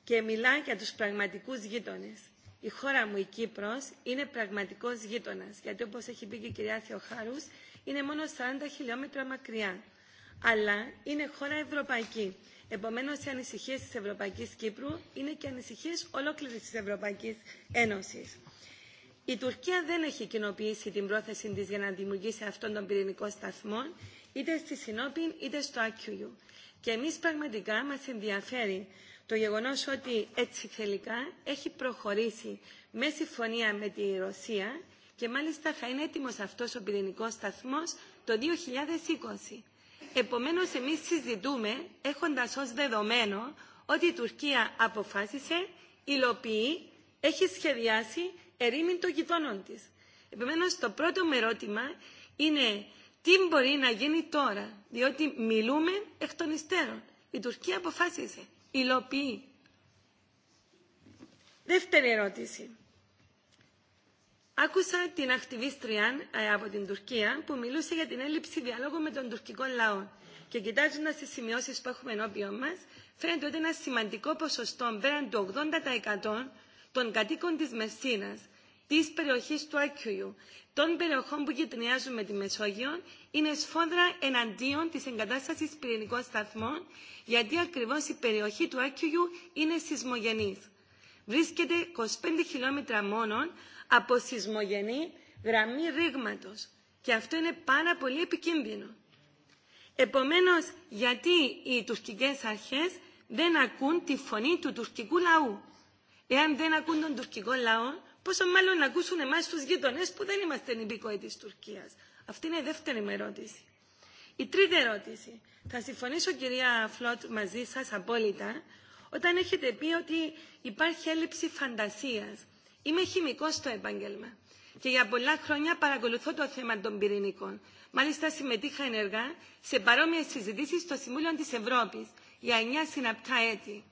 Speaker 11: και μιλά για τους πραγματικούς γείτονες. Η χώρα μου, η Κύπρος, είναι πραγματικός γείτονας, γιατί όπως έχει πει και η κυρία Θεοχάρους, είναι μόνο 40 χιλιόμετρα μακριά. Αλλά είναι χώρα ευρωπαϊκή. Επομένως, οι ανησυχίες της Ευρωπαϊκής Κύπρου είναι και ανησυχίες ολόκληρης της Ευρωπαϊκής Ένωσης. Η Τουρκία δεν έχει κοινοποιήσει την πρόθεση της για να δημιουργήσει αυτόν τον πυρηνικό σταθμό, είτε στη Συνόπιν είτε στο Άκιουγιου. Και εμείς πραγματικά μας ενδιαφέρει το γεγονός ότι έτσι τελικά έχει προχωρήσει με συμφωνία με τη Ρωσία και μάλιστα θα είναι έτοιμος αυτός ο πυρηνικός σταθμός το 2020. Επομένως εμείς συζητούμε έχοντας ως δεδομένο ότι η Τουρκία αποφάσισε, υλοποιεί, έχει σχεδιάσει ερήμην των γειτόνων της. Επομένως το πρώτο μου ερώτημα είναι τι μπορεί να γίνει τώρα, διότι μιλούμε εκ των υστέρων. Η Τουρκία αποφάσισε, υλοποιεί. Δεύτερη ερώτηση. Άκουσα την ακτιβίστρια από την Τουρκία που μιλούσε για την έλλειψη διαλόγου με τον τουρκικό λαό. Και κοιτάζοντα τι σημειώσει που έχουμε ενώπιον μα, φαίνεται ότι ένα σημαντικό ποσοστό, πέραν του 80% των κατοίκων τη Μεσίνα της περιοχής του IQU, των περιοχών που γειτονιάζουν με τη Μεσόγειο, είναι σφόδρα εναντίον της εγκατάστασης πυρηνικών σταθμών, γιατί ακριβώς η περιοχή του IQU είναι σεισμογενή. Βρίσκεται 25 χιλιόμετρα μόνο από σεισμογενή γραμμή ρήγματο. Και αυτό είναι πάρα πολύ επικίνδυνο. Επομένω, γιατί οι τουρκικέ αρχέ δεν ακούν τη φωνή του τουρκικού λαού. Εάν δεν ακούν τον τουρκικό λαό, Πόσο μάλλον να ακούσουν εμά του γείτονε που δεν είμαστε υπηκόοι τη Τουρκία. Αυτή είναι η δεύτερη μου ερώτηση. Η τρίτη ερώτηση. Θα συμφωνήσω, κυρία Φλότ, μαζί σα απόλυτα όταν έχετε πει ότι υπάρχει έλλειψη φαντασία. Είμαι χημικό στο επάγγελμα και για πολλά χρόνια παρακολουθώ το θέμα των πυρηνικών. Μάλιστα συμμετείχα ενεργά σε παρόμοιε συζητήσει στο Συμβούλιο τη Ευρώπη για 9 συναπτά έτη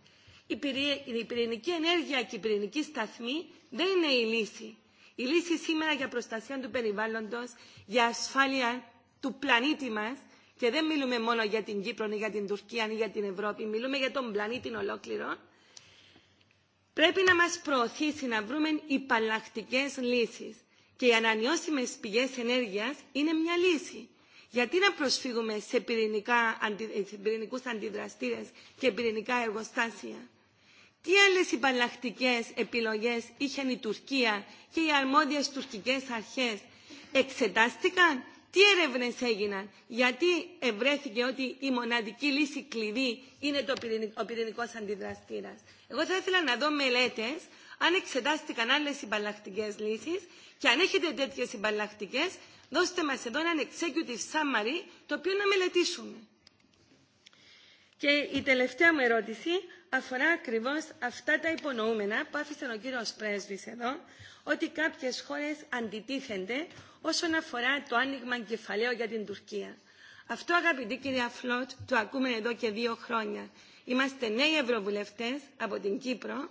Speaker 11: η πυρηνική ενέργεια και η πυρηνική σταθμή δεν είναι η λύση. Η λύση σήμερα για προστασία του περιβάλλοντος, για ασφάλεια του πλανήτη μας και δεν μιλούμε μόνο για την Κύπρο ή για την Τουρκία ή για την Ευρώπη, μιλούμε για τον πλανήτη ολόκληρο, πρέπει να μας προωθήσει να βρούμε υπαλλακτικές λύσεις. Και οι ανανεώσιμες πηγές ενέργειας είναι μια λύση. Γιατί να προσφύγουμε σε, πυρηνικά, σε πυρηνικούς αντιδραστήρες και πυρηνικά εργοστάσια. Τι άλλες υπαλλακτικές επιλογές είχε η Τουρκία και οι αρμόδιες τουρκικές αρχές εξετάστηκαν, τι έρευνες έγιναν, γιατί ευρέθηκε ότι η μοναδική λύση κλειδί είναι το ο πυρηνικός αντιδραστήρας. Εγώ θα ήθελα να δω μελέτες αν εξετάστηκαν άλλες υπαλλακτικές λύσεις και αν έχετε τέτοιες υπαλλακτικές, δώστε μας εδώ έναν executive summary το οποίο να μελετήσουμε. Και η τελευταία μου ερώτηση αφορά ακριβώς αυτά τα υπονοούμενα που άφησε ο κύριος Πρέσβης εδώ, ότι κάποιες χώρες αντιτίθενται όσον αφορά το άνοιγμα κεφαλαίου για την Τουρκία. Αυτό αγαπητή κυρία Φλότ, το ακούμε εδώ και δύο χρόνια. Είμαστε νέοι ευρωβουλευτές από την Κύπρο,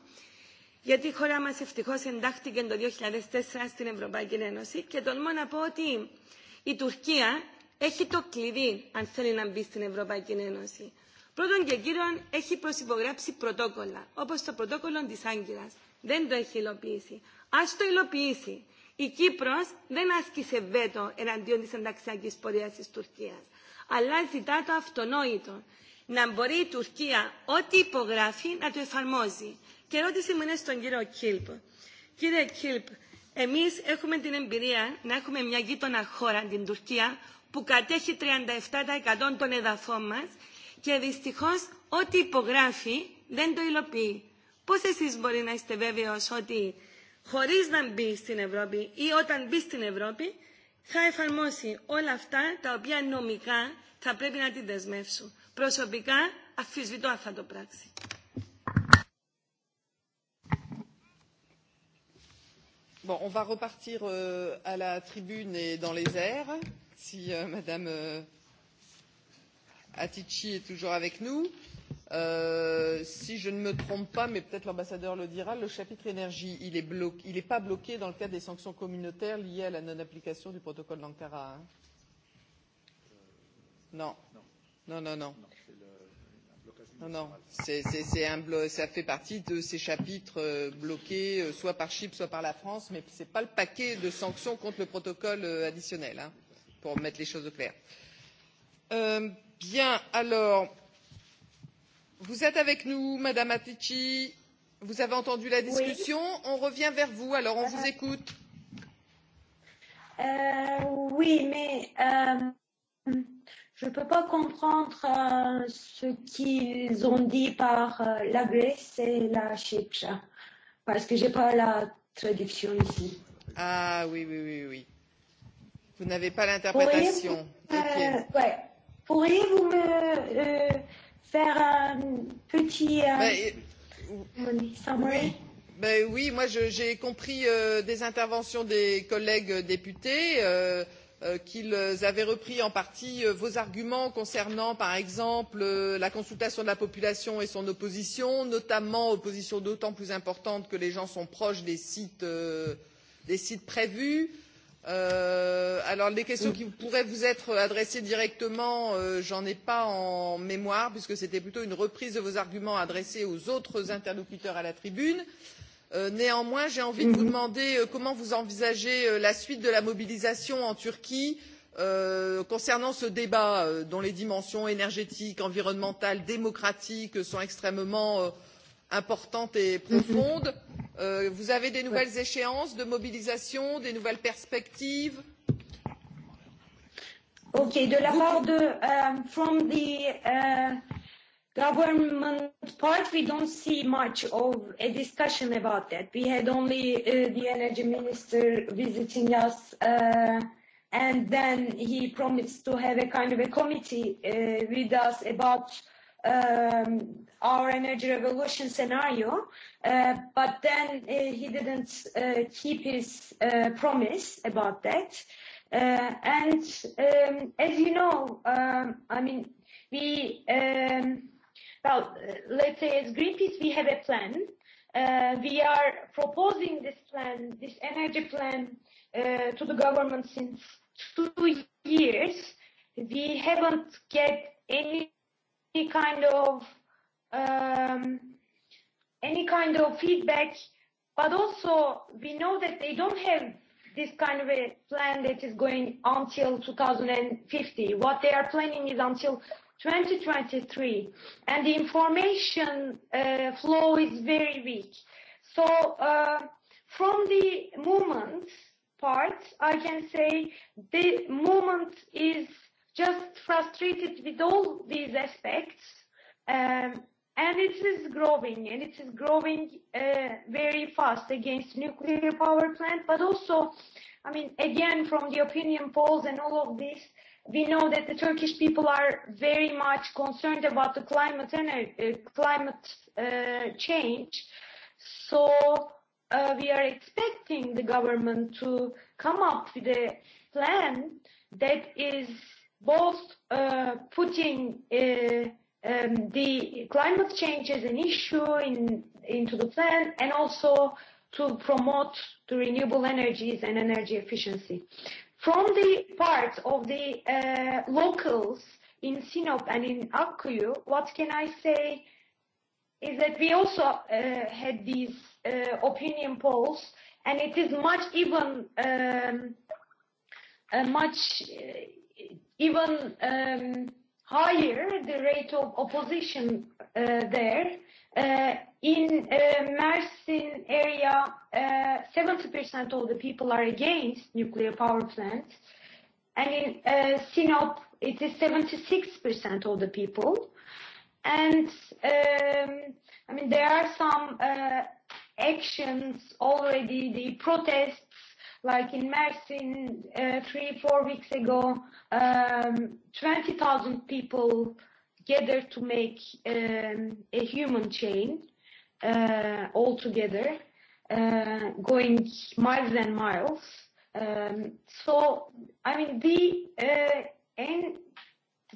Speaker 11: γιατί η χώρα μας ευτυχώς εντάχθηκε το 2004 στην Ευρωπαϊκή Ένωση και τολμώ να πω ότι η Τουρκία έχει το κλειδί αν θέλει να μπει στην Ευρωπαϊκή Ένωση. Πρώτον και κύριον, έχει προσυπογράψει πρωτόκολλα, όπως το πρωτόκολλο της Άγκυρας. Δεν το έχει υλοποιήσει. Ας το υλοποιήσει. Η Κύπρος δεν άσκησε βέτο εναντίον της ενταξιακής πορείας της Τουρκίας, αλλά ζητά το αυτονόητο. Να μπορεί η Τουρκία ό,τι υπογράφει να το εφαρμόζει. Και ερώτηση μου είναι στον κύριο Κίλπ. Κύριε Κίλπ, εμείς έχουμε την εμπειρία να έχουμε μια γείτονα χώρα, την Τουρκία, που κατέχει 37% των εδαφών μας και δυστυχώς ό,τι υπογράφει δεν το υλοποιεί. Πώς εσείς μπορεί να είστε βέβαιος ότι χωρίς να μπει στην Ευρώπη ή όταν μπει στην Ευρώπη θα εφαρμόσει όλα αυτά τα οποία νομικά θα πρέπει να την δεσμεύσουν. Προσωπικά αφισβητώ αν το πράξη.
Speaker 1: Bon, on va repartir euh, à la tribune et dans les airs, si euh, Madame euh, Atici est toujours avec nous. Euh, si je ne me trompe pas, mais peut-être l'ambassadeur le dira, le chapitre énergie, il n'est pas bloqué dans le cadre des sanctions communautaires liées à la non-application du protocole d'Ankara. hein non. Non, non, non. Non, non, le, non, non. C c c est, est, est un ça fait partie de ces chapitres bloqués, soit par Chypre, soit par la France, mais ce n'est pas le paquet de sanctions contre le protocole additionnel, hein, pour mettre les choses au clair Euh, Bien, alors, vous êtes avec nous, Madame Attici. Vous avez entendu la discussion. On revient vers vous. Alors,
Speaker 4: on vous écoute. Euh, oui, mais euh, je ne peux pas comprendre euh, ce qu'ils ont dit par euh, la Grèce et la Chypre, parce que je n'ai pas la traduction ici.
Speaker 1: Ah oui, oui, oui, oui. Vous n'avez pas l'interprétation. Euh,
Speaker 4: okay. ouais. Pourriez-vous me euh, faire un petit euh, Mais,
Speaker 1: oui. Ben oui, moi j'ai compris euh, des interventions des collègues députés euh, euh, qu'ils avaient repris en partie euh, vos arguments concernant par exemple euh, la consultation de la population et son opposition, notamment opposition d'autant plus importante que les gens sont proches des sites, euh, des sites prévus. Euh, alors les questions qui pourraient vous être adressées directement je n'en ai pas en mémoire puisque c'était plutôt une reprise de vos arguments adressés aux autres interlocuteurs à la tribune. néanmoins j'ai envie de vous demander comment vous envisagez la suite de la mobilisation en turquie concernant ce débat dont les dimensions environnementales environnementale démocratiques sont extrêmement importantes et profondes vous avez des nouvelles échéances de mobilisation, des nouvelles perspectives
Speaker 4: Ok, de la part de um, from the uh, government part, we don't see much of a discussion about that. We had only uh, the energy minister visiting us, uh, and then he promised to have a kind of a committee uh, with us about uh, um, our energy revolution scenario, uh, but then uh, he didn't uh, keep his uh, promise about that. Uh, and um, as you know, um, I mean, we, um, well, let's say as Greenpeace, we have a plan. Uh, we are proposing this plan, this energy plan, uh, to the government since two years. We haven't get any any kind of um, any kind of feedback. But also, we know that they don't have this kind of a plan that is going until 2050. What they are planning is until 2023, and the information uh, flow is very weak. So, uh, from the movement part, I can say the movement is just frustrated with all these aspects. Um, and it is growing, and it is growing uh, very fast against nuclear power plant. But also, I mean, again, from the opinion polls and all of this, we know that the Turkish people are very much concerned about the climate energy, uh, climate uh, change. So uh, we are expecting the government to come up with a plan that is both uh putting uh um the climate change as an issue in, into the plan and also to promote the renewable energies and energy efficiency. From the part of the uh, locals in Sinop and in Akkuyu, what can I say is that we also uh, had these uh, opinion polls and it is much even um, uh, much uh, even um, higher the rate of opposition uh, there. Uh, in uh, Mersin area, uh, 70% of the people are against nuclear power plants. And in uh, Sinop, it is 76% of the people. And um, I mean, there are some uh, actions already, the protests Like in Mersin, uh, three, four weeks ago, um, 20,000 people gathered to make um, a human chain uh, all together, uh, going miles and miles. Um, so, I mean, the uh, and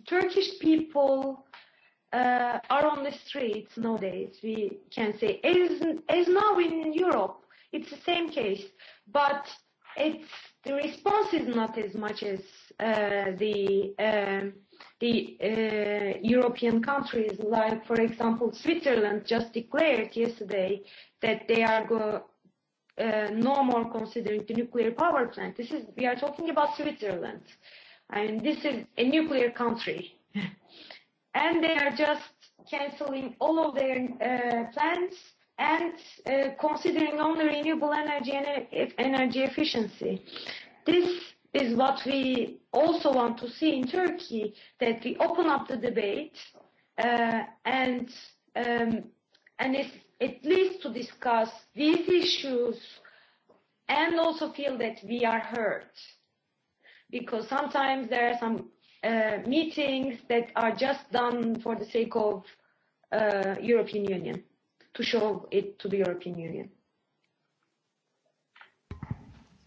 Speaker 4: Turkish people uh, are on the streets nowadays. We can say as as now in Europe, it's the same case, but it's the response is not as much as uh, the uh, the uh, European countries, like for example Switzerland, just declared yesterday that they are go, uh, no more considering the nuclear power plant. This is we are talking about Switzerland, I and this is a nuclear country, and they are just canceling all of their uh, plans and uh considering only renewable energy and energy efficiency. This is what we also want to see in Turkey, that we open up the debate uh, and um, and it's at least to discuss these issues and also feel that we are heard. Because sometimes there are some uh, meetings that are just done for the sake of uh, European Union to show it to the European Union.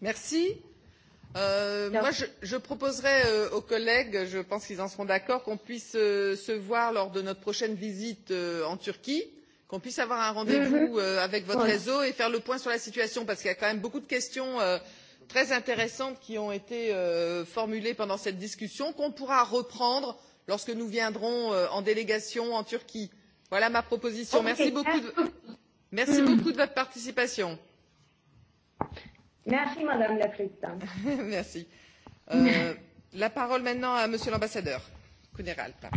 Speaker 1: Merci. Euh, moi, je, je proposerais euh, aux collègues, je pense qu'ils en seront d'accord, qu'on puisse euh, se voir lors de notre prochaine visite euh, en Turquie, qu'on puisse avoir un rendez-vous mm -hmm. euh, avec votre ouais. réseau et faire le point sur la situation, parce qu'il y a quand même beaucoup de questions euh, très intéressantes qui ont été euh, formulées pendant cette discussion, qu'on pourra reprendre lorsque nous viendrons euh, en délégation en Turquie voilà ma proposition. merci beaucoup de votre participation. merci madame la présidente. merci. la parole maintenant à monsieur l'ambassadeur Kuneralpa.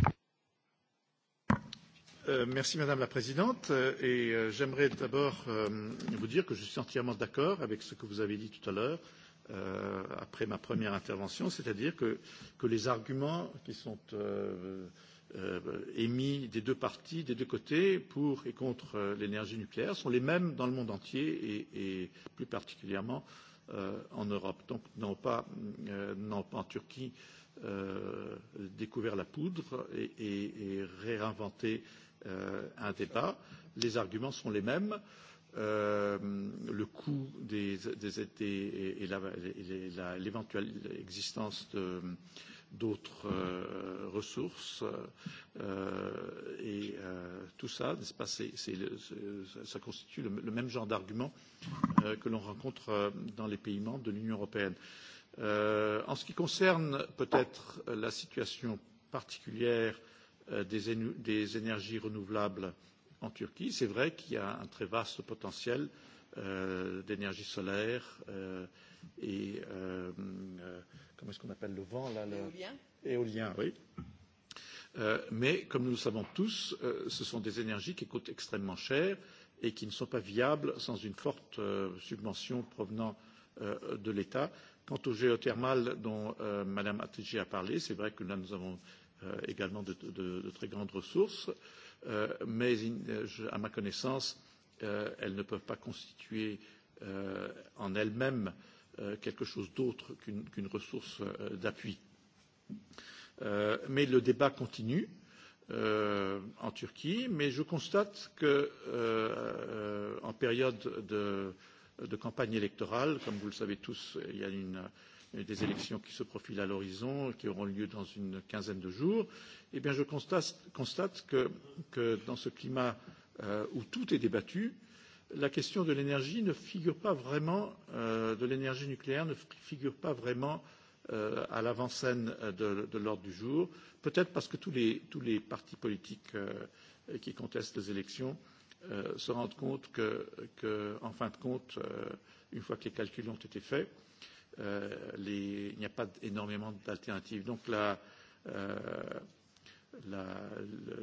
Speaker 5: Merci Madame la Présidente et j'aimerais d'abord vous dire que je suis entièrement d'accord avec ce que vous avez dit tout à l'heure après ma première intervention, c'est-à-dire que, les arguments qui sont émis des deux parties, des deux côtés, pour et contre l'énergie nucléaire, sont les mêmes dans le monde entier et, et plus particulièrement en Europe. Donc n'ont pas, n'ont pas en Turquie découvert la poudre et, et, et réinventé un débat. Les arguments sont les mêmes. Euh, le coût des, des et, et l'éventuelle existence de, euh, d'autres euh, ressources. Euh, et euh, tout ça, n'est-ce pas, c'est, c'est le, ça constitue le, le même genre d'argument euh, que l'on rencontre euh, dans les pays membres de l'Union européenne. Euh, en ce qui concerne peut-être la situation particulière euh, des, des énergies renouvelables en Turquie, c'est vrai qu'il y a un très vaste potentiel euh, d'énergie solaire euh, et euh, comment est-ce qu'on appelle le vent là, le... Éolien. Éolien, oui. Euh, mais comme nous le savons tous, euh, ce sont des énergies qui coûtent extrêmement cher et qui ne sont pas viables sans une forte euh, subvention provenant euh, de l'État. Quant au géothermal dont euh, Mme Atigi a parlé, c'est vrai que là nous avons euh, également de, de, de très grandes ressources, euh, mais in, je, à ma connaissance, euh, elles ne peuvent pas constituer euh, en elles-mêmes euh, quelque chose d'autre qu'une, qu ressource d'appui. mais le débat continue en Turquie, mais je constate que en période de, campagne électorale, comme vous le savez tous, il y a une, des élections qui se profilent à l'horizon, qui auront lieu dans une quinzaine de jours, eh bien je constate, que, dans ce climat où tout est débattu, la question de l'énergie ne figure pas vraiment de l'énergie nucléaire ne figure pas vraiment à l'avant scène de, l'ordre du jour, peut être parce que tous les, partis politiques qui contestent les élections se rendent compte que, en fin de compte, une fois que les calculs ont été faits, il n'y a pas énormément d'alternatives. Donc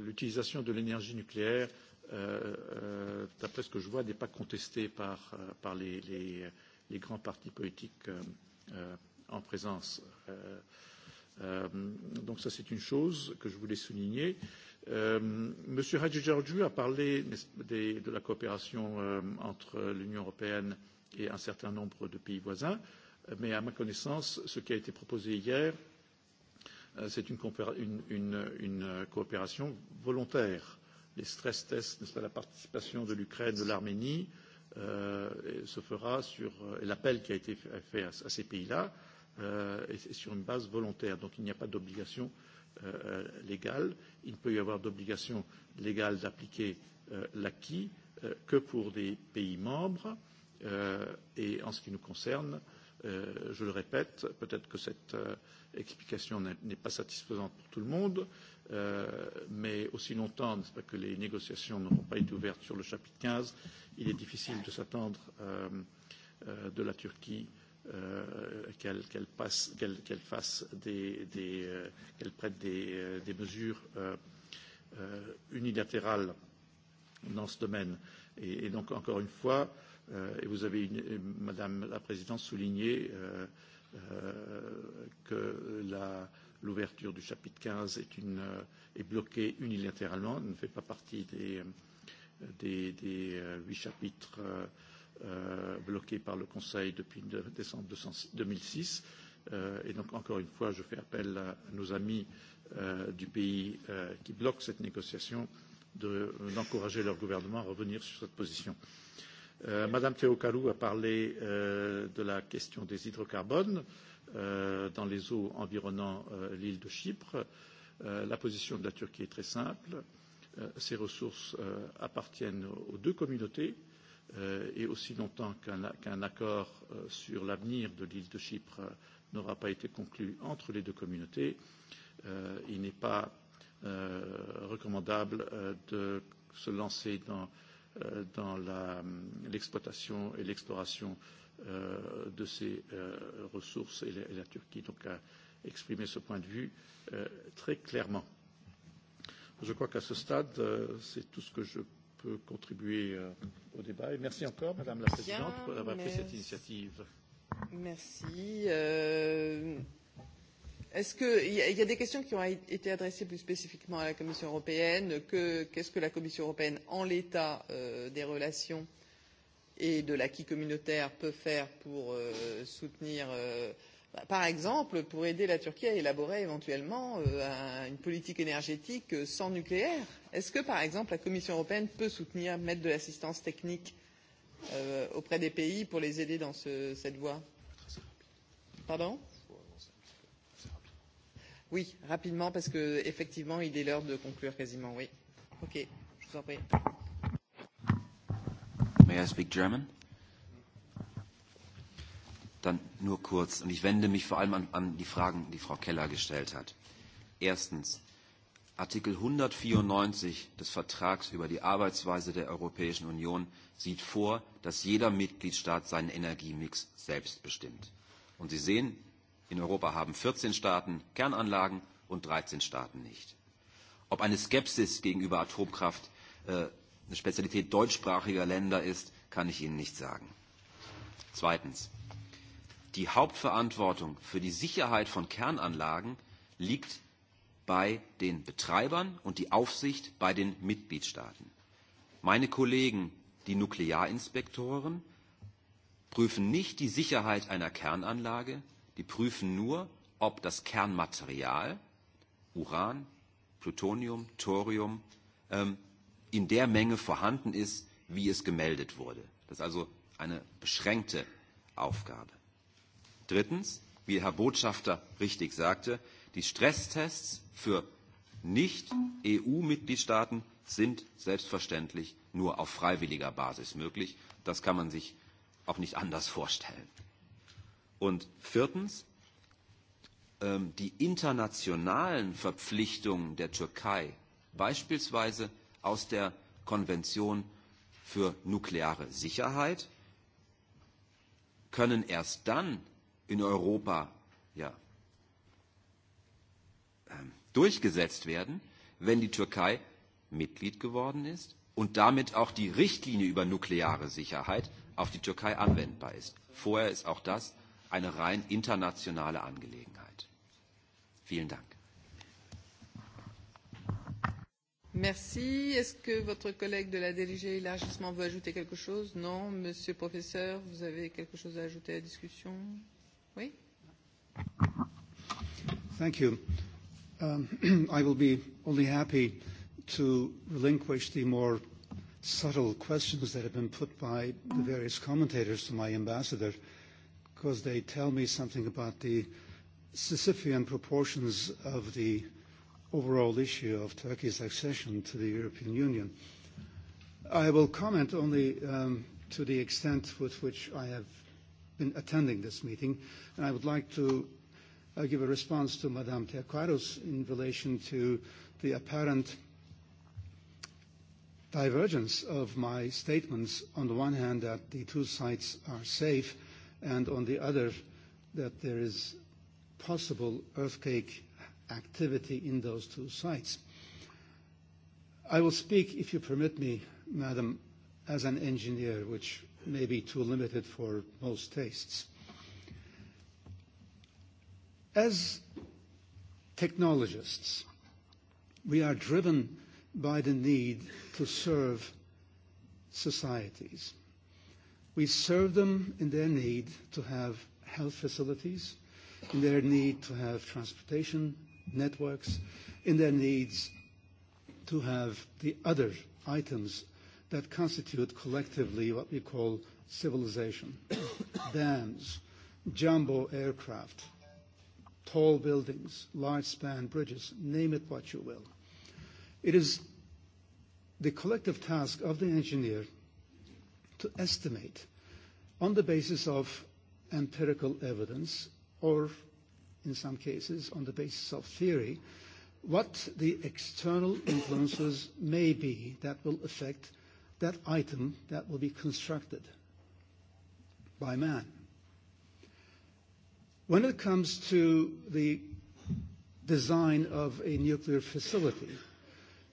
Speaker 5: l'utilisation de l'énergie nucléaire d'après ce que je vois, n'est pas contesté par, par les, les, les grands partis politiques euh, en présence. Euh, euh, donc ça, c'est une chose que je voulais souligner. Euh, Monsieur Hadji Georgiou a parlé des, de la coopération euh, entre l'Union européenne et un certain nombre de pays voisins, mais à ma connaissance, ce qui a été proposé hier, c'est une, une, une, une coopération volontaire les stress tests, n'est-ce pas, la participation de l'Ukraine, de l'Arménie, euh, se fera sur l'appel qui a été fait à, à ces pays-là, euh, et sur une base volontaire. Donc il n'y a pas d'obligation euh, légale. Il ne peut y avoir d'obligation légale d'appliquer euh, l'acquis euh, que pour des pays membres. Euh, et en ce qui nous concerne, euh, je le répète, peut-être que cette euh, explication n'est pas satisfaisante pour tout le monde, mais aussi longtemps pas que les négociations n'auront pas été ouvertes sur le chapitre 15, il est difficile de s'attendre de la Turquie qu'elle prenne des, mesures unilatérales dans ce domaine. Et, donc, encore une fois, et vous avez, Madame la Présidente, souligné que la l'ouverture du chapitre 15 est, une, est bloquée unilatéralement, ne fait pas partie des, des, des huit chapitres euh, bloqués par le Conseil depuis de, décembre 2006. Euh, et donc, encore une fois, je fais appel à, à nos amis euh, du pays euh, qui bloquent cette négociation d'encourager de, leur gouvernement à revenir sur cette position. Euh, Madame Théocarou a parlé euh, de la question des hydrocarbones. Euh, dans les eaux environnant l'île de Chypre. la position de la Turquie est très simple. ces ressources appartiennent aux deux communautés et aussi longtemps qu'un accord sur l'avenir de l'île de Chypre n'aura pas été conclu entre les deux communautés, il n'est pas recommandable de se lancer dans, l'exploitation et l'exploration de euh, ressources et la, et la Turquie donc a exprimé ce point de vue très clairement. Je crois qu'à ce stade, c'est tout ce que je peux contribuer au débat. Et merci encore, Madame la Présidente, pour avoir pris cette initiative.
Speaker 1: Merci. Euh... Est-ce qu'il y, y a des questions qui ont été adressées plus spécifiquement à la Commission européenne qu'est-ce que la Commission européenne en l'état euh, des relations et de l'acquis communautaire peut faire pour soutenir par exemple pour aider la Turquie à élaborer éventuellement une politique énergétique sans nucléaire Est-ce que par exemple la Commission européenne peut soutenir, mettre de l'assistance technique auprès des pays pour les aider dans cette voie Pardon Oui, rapidement parce qu'effectivement, il est l'heure de conclure quasiment, oui. Ok, je vous en prie.
Speaker 6: I speak German. Dann nur kurz, und ich wende mich vor allem an, an die Fragen, die Frau Keller gestellt hat. Erstens, Artikel 194 des Vertrags über die Arbeitsweise der Europäischen Union sieht vor, dass jeder Mitgliedstaat seinen Energiemix selbst bestimmt. Und Sie sehen, in Europa haben 14 Staaten Kernanlagen und 13 Staaten nicht. Ob eine Skepsis gegenüber Atomkraft eine Spezialität deutschsprachiger Länder ist, kann ich Ihnen nicht sagen. Zweitens. Die Hauptverantwortung für die Sicherheit von Kernanlagen liegt bei den Betreibern und die Aufsicht bei den Mitgliedstaaten. Meine Kollegen, die Nuklearinspektoren, prüfen nicht die Sicherheit einer Kernanlage, die prüfen nur, ob das Kernmaterial Uran, Plutonium, Thorium ähm, in der Menge vorhanden ist, wie es gemeldet wurde. Das ist also eine beschränkte Aufgabe. Drittens, wie Herr Botschafter richtig sagte, die Stresstests für Nicht-EU-Mitgliedstaaten sind selbstverständlich nur auf freiwilliger Basis möglich. Das kann man sich auch nicht anders vorstellen. Und viertens, die internationalen Verpflichtungen der Türkei, beispielsweise aus der Konvention für nukleare Sicherheit können erst dann in Europa ja, durchgesetzt werden, wenn die Türkei Mitglied geworden ist und damit auch die Richtlinie über nukleare Sicherheit auf die Türkei anwendbar ist. Vorher ist auch das eine rein internationale Angelegenheit. Vielen Dank.
Speaker 1: Merci. Est-ce que votre collègue de la DLG élargissement veut ajouter quelque chose Non. Monsieur le professeur, vous avez quelque chose à ajouter à la discussion Oui
Speaker 3: Thank you. Um, I will be only happy to relinquish the more subtle questions that have been put by the various commentators to my ambassador because they tell me something about the Sisyphean proportions of the uh, overall issue of Turkey's accession to the European Union. I will comment only um, to the extent with which I have been attending this meeting, and I would like to uh, give a response to Madame Teaquaros in relation to the apparent divergence of my statements on the one hand that the two sites are safe and on the other that there is possible earthquake activity in those two sites. I will speak, if you permit me, Madam, as an engineer, which may be too limited for most tastes. As technologists, we are driven by the need to serve societies. We serve them in their need to have health facilities, in their need to have transportation networks in their needs to have the other items that constitute collectively what we call civilization. Dams, jumbo aircraft, tall buildings, large span bridges, name it what you will. It is the collective task of the engineer to estimate on the basis of empirical evidence or in some cases on the basis of theory, what the external influences may be that will affect that item that will be constructed by man. When it comes to the design of a nuclear facility,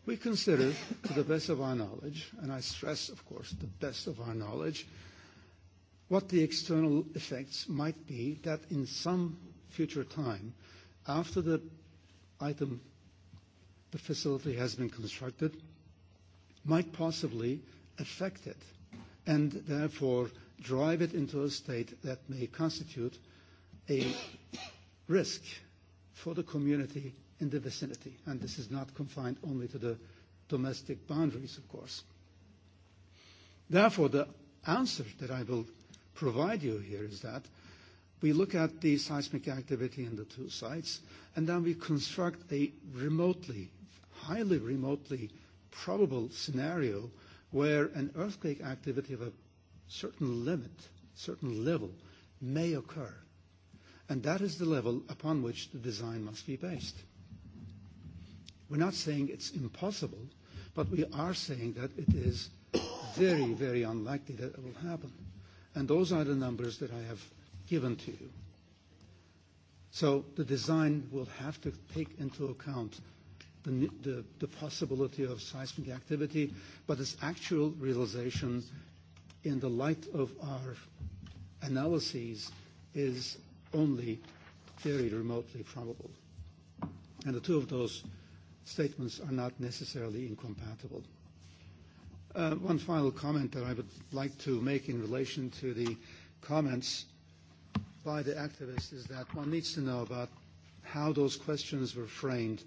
Speaker 3: we consider, to the best of our knowledge, and I stress, of course, the best of our knowledge, what the external effects might be that in some future time, after the item, the facility has been constructed, might possibly affect it and therefore drive it into a state that may constitute a risk for the community in the vicinity. And this is not confined only to the domestic boundaries, of course. Therefore, the answer that I will provide you here is that We look at the seismic activity in the two sites, and then we construct a remotely, highly remotely probable scenario where an earthquake activity of a certain limit, certain level, may occur. And that is the level upon which the design must be based. We're not saying it's impossible, but we are saying that it is very, very unlikely that it will happen. And those are the numbers that I have given to you. So the design will have to take into account the, the, the possibility of seismic activity, but its actual realization in the light of our analyses is only very remotely probable. And the two of those statements are not necessarily incompatible. Uh, one final comment that I would like to make in relation to the comments by the activists is that one needs to know about how those questions were framed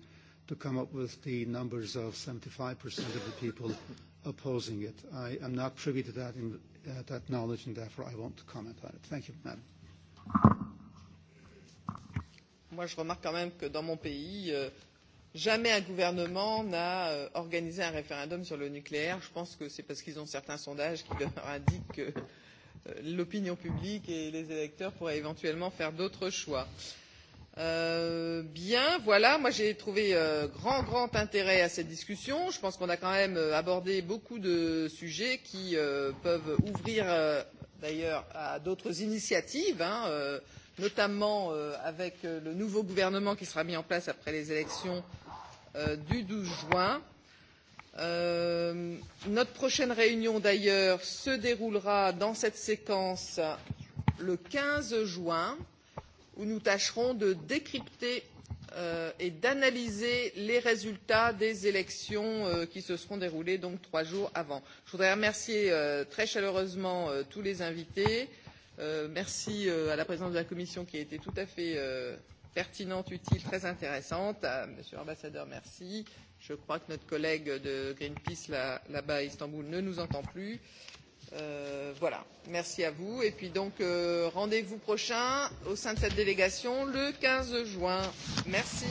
Speaker 3: to come up with the numbers of 75% of the people opposing it. I am not privy to that, in, uh, that knowledge, and therefore I won't comment on it. Thank you, Madam.
Speaker 1: Moi, je remarque quand même que dans mon pays, euh, jamais un gouvernement n'a euh, organisé un référendum sur le nucléaire. Je pense que c'est parce qu'ils ont certains sondages qui leur indiquent que euh, l'opinion publique et les électeurs pourraient éventuellement faire d'autres choix. bien, voilà, moi j'ai trouvé grand grand intérêt à cette discussion. Je pense qu'on a quand même abordé beaucoup de sujets qui peuvent ouvrir d'ailleurs à d'autres initiatives, notamment avec le nouveau gouvernement qui sera mis en place après les élections du douze juin. Euh, notre prochaine réunion d'ailleurs se déroulera dans cette séquence le quinze juin où nous tâcherons de décrypter et d'analyser les résultats des élections qui se seront déroulées donc trois jours avant. je voudrais remercier très chaleureusement tous les invités merci à la présidence de la commission qui a été tout à fait pertinente utile très intéressante monsieur l'ambassadeur merci Je crois que notre collègue de Greenpeace là-bas à Istanbul ne nous entend plus. Euh, voilà, merci à vous. Et puis donc, euh, rendez-vous prochain au sein de cette délégation le quinze juin. Merci.